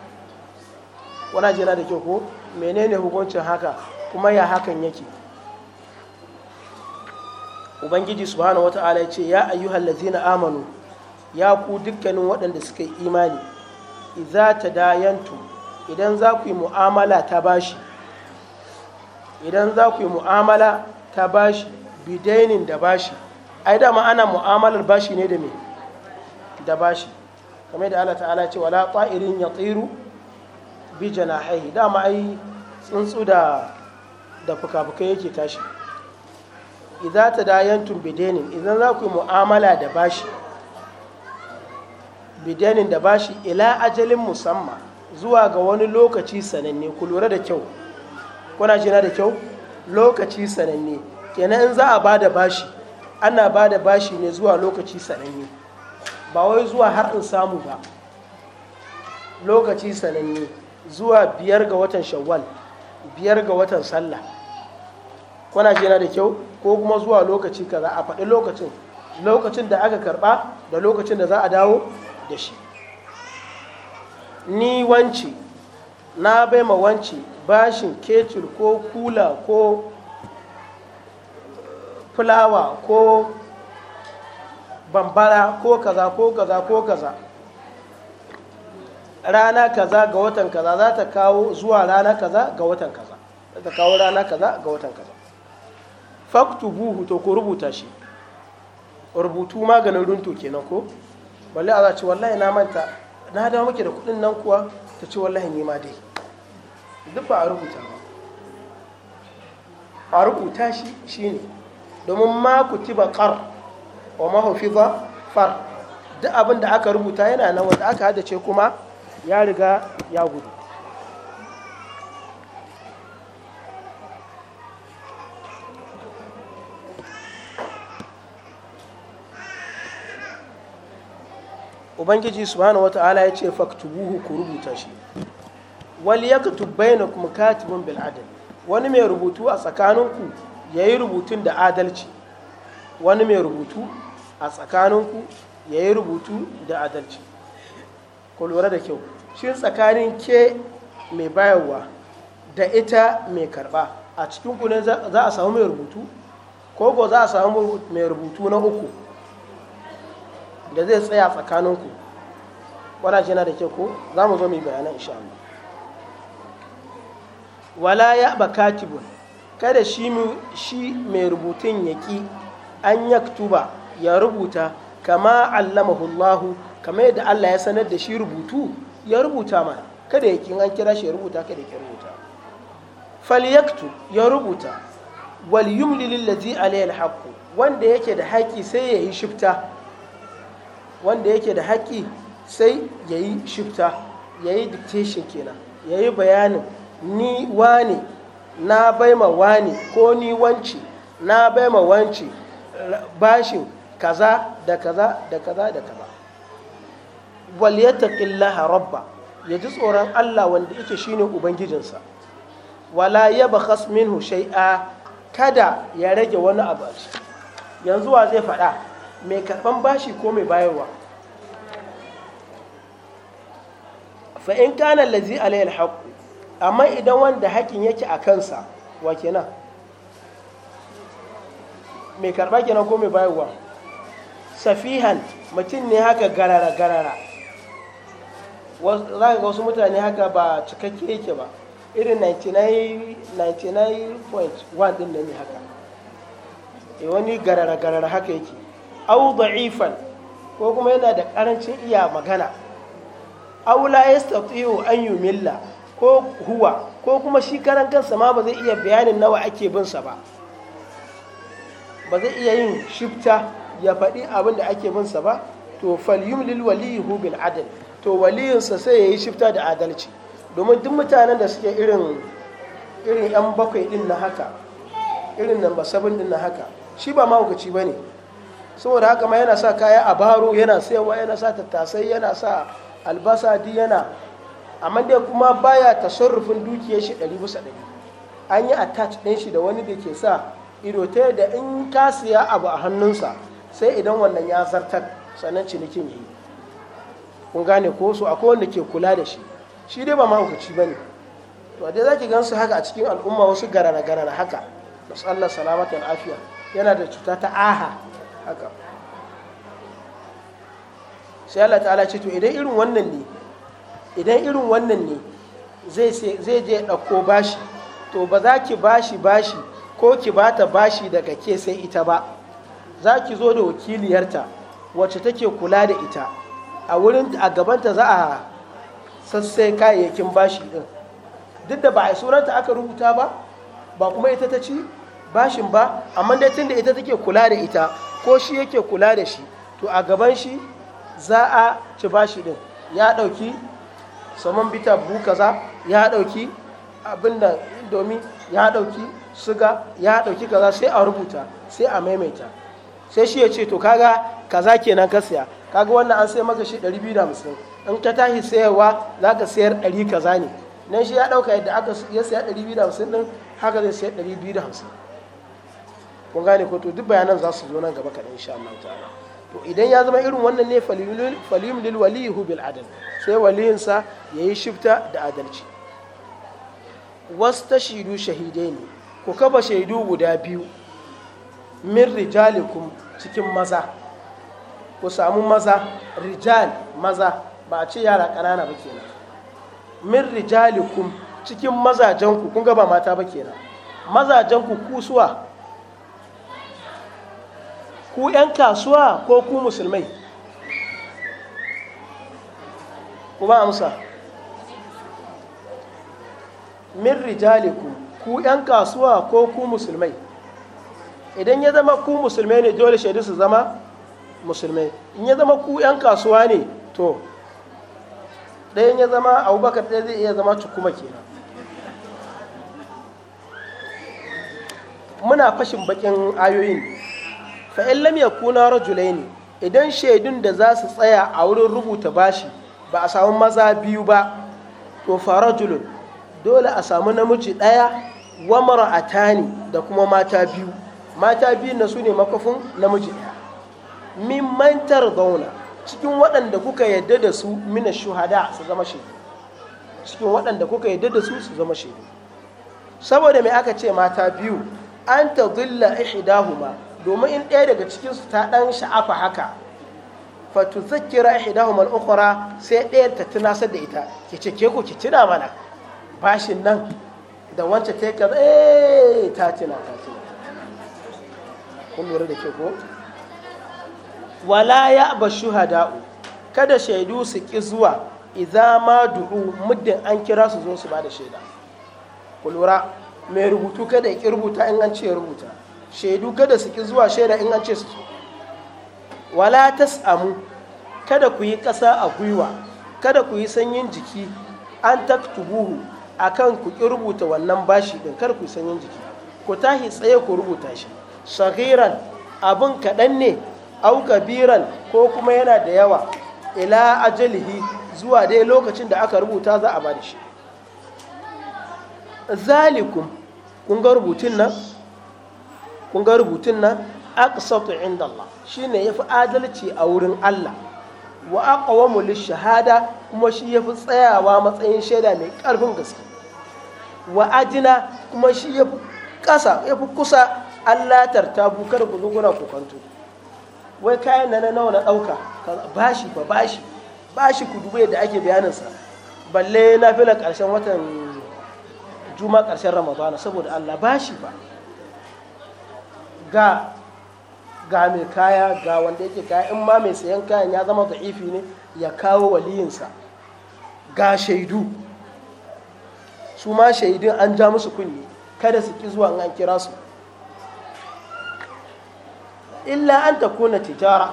wana jina da kyau ko menene hukuncin haka kuma ya hakan yake ubangiji subhanahu wata'ala ya ce ya ayyuhal ladzina amanu ya ku dukkanin waɗanda suka yi imani idza tadayantum idan za ku yi mu'amala ta bashi idan za ku yi mu'amala ta bashi bidainin da bashi ai dama ana mu'amalar bashi ne da me da bashi kamar da Allah ta'ala ce wala ta'irin ya tsiru bi janahihi dama ai tsuntsu da da fuka-fuka yake tashi idza tadayantum bidainin idan za ku yi mu'amala da bashi bidainin da bashi ila ajalin musamma zuwa ga wani lokaci sananne ku lura da kyau kuna jina da kyau lokaci sananne kenan in za a ba da bashi ana ba da bashi ne zuwa lokaci sananne ba wai zuwa har in samu ba lokaci sananne zuwa biyar ga watan shawwal biyar ga watan sallah kwana shi yana da kyau ko kuma zuwa lokaci kaza a faɗi lokacin lokacin da aka karɓa da lokacin da za a dawo da shi ni wanci na bai ma wanci bashin kecil ko kula ko fulawa ko bambara ko kaza ko kaza ko kaza rana kaza ga watan kaza za ta kawo zuwa rana kaza ga watan kaza za ta kawo rana kaza ga watan kaza faktubuhu to ku rubuta shi rubutu maganin runtu kenan ko balle a za wallahi na manta na dawo muke da kuɗin nan kuwa ta ce wallahi ne ma dai duk ba a rubuta ba a rubuta shi shine domin ma ku ba kar wa ma ba far duk abin da aka rubuta yana nan wanda aka hada ce kuma ya riga ya gudu ubangiji subhanahu wata'ala ya ce faktubuhu ku rubuta shi wal yaktub bainakum katibun bil adl wani mai rubutu a tsakaninku yayi rubutun da adalci wani mai rubutu a tsakaninku ya yi rubutu da adalci ku lura da kyau shi tsakanin ke mai bayarwa da ita mai karba a cikin ku ne za a samu mai rubutu ko ko za a samu mai rubutu na uku da zai tsaya tsakaninku wana shi na da ke ko za mu zo mai bayanan insha Allah wala ya ba katibun kada shi mai rubutun ya ƙi an yaktuba ya rubuta kama allama hulahu kama yadda Allah ya sanar da shi rubutu ya rubuta mana kada ya kin an kira shi ya rubuta kada ya rubuta fal ya rubuta wal yumli lillazi alayyar haku wanda yake da haƙi sai ya yi shifta wanda yake da haƙƙi sai ya yi shifta ya yi dictation kenan ya yi bayanin ni wane na baima wane ko ni wance na baima wance bashin kaza da kaza da kaza da kaza wal yattaqillaha rabba ya ji tsoron Allah wanda yake shine ubangijinsa wala yabkhas minhu shay'a kada ya rage wani abu yanzu wa zai faɗa mai karban bashi ko mai bayarwa fa’in kanan lazi allazi alayhi alhaq amma idan wanda hakin yake a kansa wa kenan mai karba kenan ko mai bayarwa safihan mutum ne haka garara garara za ka wasu mutane haka ba cikakke yake ba irin 99.1 din da ne haka eh, wani garara garara haka yake au da'ifan ko kuma yana da karancin iya magana au la yastati'u an yumilla ko huwa ko kuma shi karan kansa ma ba zai iya bayanin nawa ake bin sa ba ba zai iya yin shifta ya faɗi abin da ake bin sa ba to fal yumlil waliyuhu bil adl to sa sai ya yi shifta da adalci domin duk mutanen da suke irin irin 'yan bakwai din na haka irin nan ba sabon din na haka shi ba mahaukaci ba ne saboda haka ma yana sa kaya a baro yana sayarwa yana sa tattasai yana sa albasa di yana amma dai kuma baya tasarrufin dukiyar shi ɗari an yi attach din shi da wani da ke sa ido ta da in ka siya abu a hannunsa sai idan wannan ya zartar sannan cinikin yi kun gane ko su akwai wanda ke kula da shi shi dai ba mahaukaci ba ne to dai zaki gan su haka a cikin al'umma wasu garana garana haka masallar salamatan afiya yana da cuta ta aha haka sai Allah ta'ala ce to idan irin wannan ne idan irin wannan ne zai je ɗauko bashi to ba za ki bashi bashi ko ki bata bashi daga ke sai ita ba za ki zo da wakiliyarta wacce take kula da ita a wurin a gabanta za a sassai kayayyakin bashi ɗin duk da ba a suranta aka rubuta ba ba kuma ita ta ci bashin ba amma dai tun da ita take kula da ita ko shi yake kula da shi to a gaban shi za a ci bashi din ya ɗauki saman bita buhu kaza ya ɗauki abin da domin ya ɗauki suga ya ɗauki kaza sai a rubuta sai a maimaita sai shi ya ce to kaga kaza kenan ka siya kaga wannan an sai maka shi 250 in ta tashi sayarwa za ka sayar 100 kaza ne nan shi ya ɗauka yadda aka ya saya 250 din haka zai sayar 250 kun gane ko to duk bayanan za su zo nan gaba kaɗan insha Allah ta'ala to idan ya zama irin wannan ne falim lil walihu bil adl sai sa yayi shifta da adalci wastashidu shahidaini ku kaba shaidu guda biyu min rijalikum cikin maza ku samu maza rijal maza ba a ce yara ƙanana ba kenan min rijalikum cikin mazajenku kun gaba ba mata ba kenan mazajenku kusuwa ku 'yan kasuwa ko ku musulmai ku ba amsa min rijaliku ku 'yan kasuwa ko ku musulmai idan ya zama ku musulmai ne dole shaidu su zama musulmai in ya zama ku 'yan kasuwa ne to ɗayan ya zama abubakar ɗaya zai iya zama cukuma kenan muna fashin bakin ayoyin fa in lam yakuna rajulaini idan shaidun da za su tsaya a wurin rubuta bashi ba a samu maza biyu ba to fa rajulun dole a samu namiji ɗaya wa mara'atani da kuma mata biyu mata biyu na su ne makafin namiji ɗaya min mantar gauna cikin waɗanda kuka yadda da su mina shuhada su zama shaidu cikin waɗanda kuka yadda da su su zama shaidu saboda mai aka ce mata biyu an ta zilla ihdahuma domin in ɗaya daga cikinsu ta ɗan sha'afa haka fatu zakira ihdahum al-ukhra sai ɗaya ta tunasar da ita ki ce ke ko ki tuna mana bashin nan da wance ta ka eh ta tuna ta tuna kun lura da ke ko wala ya ba shuhada'u kada shaidu su ki zuwa idza ma du'u muddin an kira su zo su ba da shaida kulura lura mai rubutu kada ya ki rubuta in an ce rubuta shaidu kada su ki zuwa shaida in an ce su wala tas'amu kada ku yi ƙasa a gwiwa kada ku yi sanyin jiki an taktubuhu akan ku ki rubuta wannan bashi din kar ku sanyin jiki ku tahi tsaye ku rubuta shi Shahiran abin kaɗan ne au kabiran ko kuma yana da yawa ila ajalihi zuwa dai lokacin da aka rubuta za a ba shi zalikum kun ga rubutun nan kun ga rubutun nan aqsatu inda Allah shine yafi adalci a wurin Allah wa aqwamu lishahada kuma shi yafi tsayawa matsayin shaida mai karfin gaske wa ajina kuma shi yafi kasa yafi kusa Allah tartabu kada ku zuguna ku wai kayan na nawa na dauka bashi ba bashi bashi ku dubai da ake bayanin sa balle na fila karshen watan juma'a karshen ramadana saboda Allah bashi ba ga ga mai kaya ga wanda yake kaya in ma mai sayan kayan ya zama ifi ne ya kawo waliyinsa ga shaidu su ma shaidun an ja musu kunni kada su ki zuwa an kira su illa an ta kuna tijara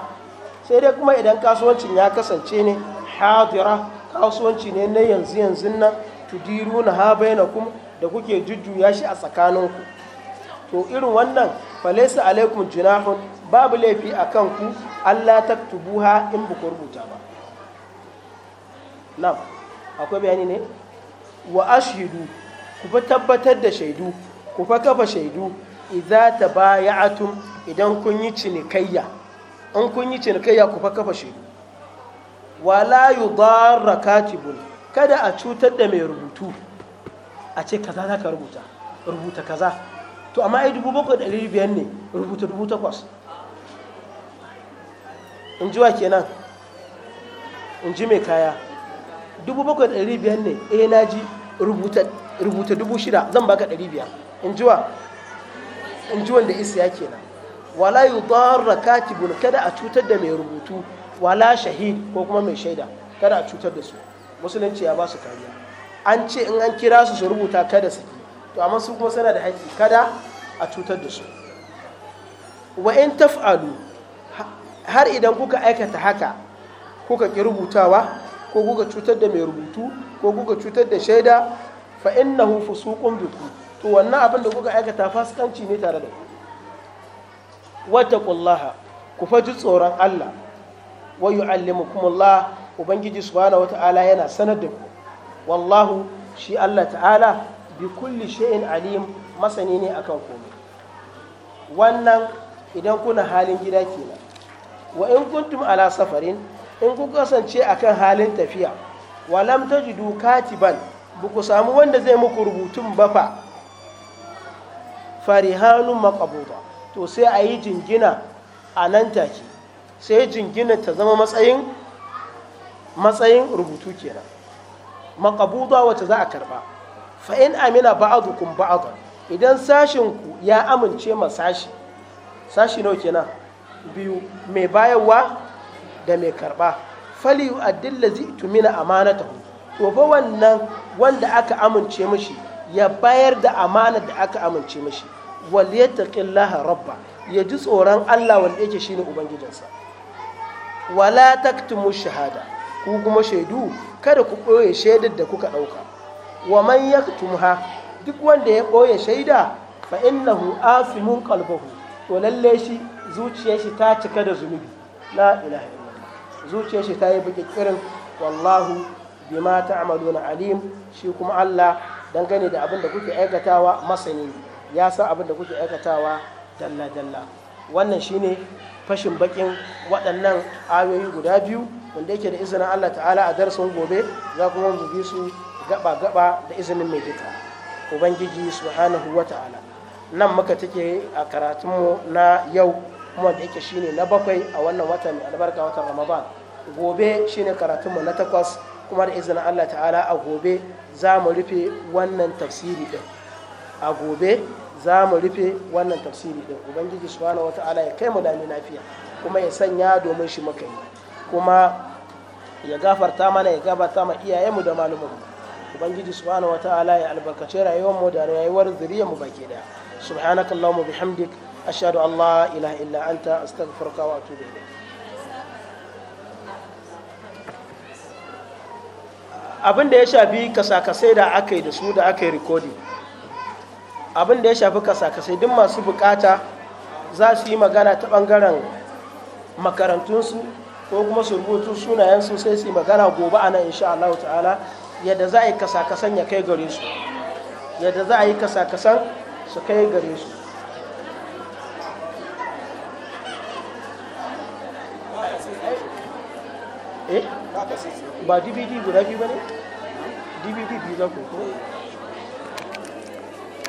sai dai kuma idan kasuwancin ya kasance ne hadira kasuwanci ne na yanzu yanzu nan tudiru na na, kuma da kuke jujjuya shi a tsakaninku to irin wannan falesa alaikum junahun babu laifi a kanku Allah ta taktubuha in buku rubuta ba na akwai bayani ne wa ashhidu ku fa tabbatar da shaidu ku fa kafa shaidu idza tabaya'atum idan kun yi cinikayya in kun yi cinikayya ku fa kafa shaidu walayu yudarra katibun kada a cutar da mai rubutu a ce kaza za ka rubuta rubuta kaza to amma ai dubu bakwai da ɗari biyar ne rubuta dubu takwas in ji wa kenan in ji mai kaya dubu bakwai da ɗari biyar ne eh na ji rubuta dubu shida zan baka ɗari biyar in ji wa in ji wanda isiya kenan wala yi darra katibun kada a cutar da mai rubutu wala shahid ko kuma mai shaida kada a cutar da su musulunci ya ba su kariya an ce in an kira su su rubuta kada su ke. to amma su kuma suna da haƙƙi kada a cutar da su wa in taf'alu har idan kuka aikata haka kuka ki rubutawa ko kuka cutar da mai rubutu ko kuka cutar da shaida fa innahu fusuqun bikum to wannan abin da kuka aikata fasikanci ne tare da ku wattaqullaha ku faji tsoron Allah wa yu'allimukumullah ubangiji subhanahu wata'ala yana sanar da ku wallahu shi Allah ta'ala bi kulli shay'in alim masani ne akan komai wannan idan kuna halin gida kenan wa in kuntum ala safarin in ku kasance akan halin tafiya lam tajidu katiban ba ku samu wanda zai muku rubutun ba fa farihanun maqabuda to sai a yi jingina a nan take sai jingina ta zama matsayin matsayin rubutu kenan maqabuda wacce za a karba fa in amina ba'dukum ba'dan idan sashin ku ya amince ma sashi sashi nawa kenan biyu mai bayarwa da mai karba fali yu'addil ladzi tumina amanatahu to fa wannan wanda aka amince mishi ya bayar da amanar da aka amince mishi wal yattaqillaha rabba ya ji tsoron Allah wanda yake shine ubangijinsa wala taktumu shahada ku kuma shaidu kada ku ɓoye shaidar da kuka ɗauka wa man yaktumha duk wanda ya boye shaida fa innahu asimun qalbuhu to lalle shi zuciyar shi ta cika da zunubi la ilaha illallah zuciyar shi ta yi kirin wallahu bima ta'maluna alim shi kuma Allah dangane da abin da kuke aikatawa masani ya san abin da kuke aikatawa dalla dalla wannan shine fashin bakin waɗannan ayoyi guda biyu wanda yake da izinin Allah ta'ala a darasin gobe za kuma mu bi su gaba-gaba da izinin mai duka ubangiji subhanahu wa ta'ala nan muka take a karatunmu na yau kuma da yake shine na bakwai a wannan wata mai albarka watan ramadan gobe shine karatunmu na takwas kuma da izinin allah ta'ala a gobe za mu rufe wannan tafsiri din a gobe za mu rufe wannan tafsiri din ubangiji subhanahu wa ta'ala ya kai mu dami lafiya kuma ya sanya domin shi muka yi kuma ya gafarta mana ya gafarta ma iyayenmu da mu ubangiji subhanahu wataala ya albarkace rayuwar mu da rayuwar zuriyar mu baki daya subhanakallahumma bihamdik ashhadu an la ilaha illa anta astaghfiruka wa atubu ilayk abin da ya shafi kasakasai da aka yi da su da aka yi rikodi abin da ya shafi kasakasai duk masu bukata za su yi magana ta bangaren makarantunsu ko kuma su rubutu sunayensu sai su yi magana gobe a nan insha Allah ta'ala yadda za a yi kasakasan ya kai gare su yadda za a yi kasakasan su kai gare su eh ba dvd guda biyu ba ne dvd biyu za ku ko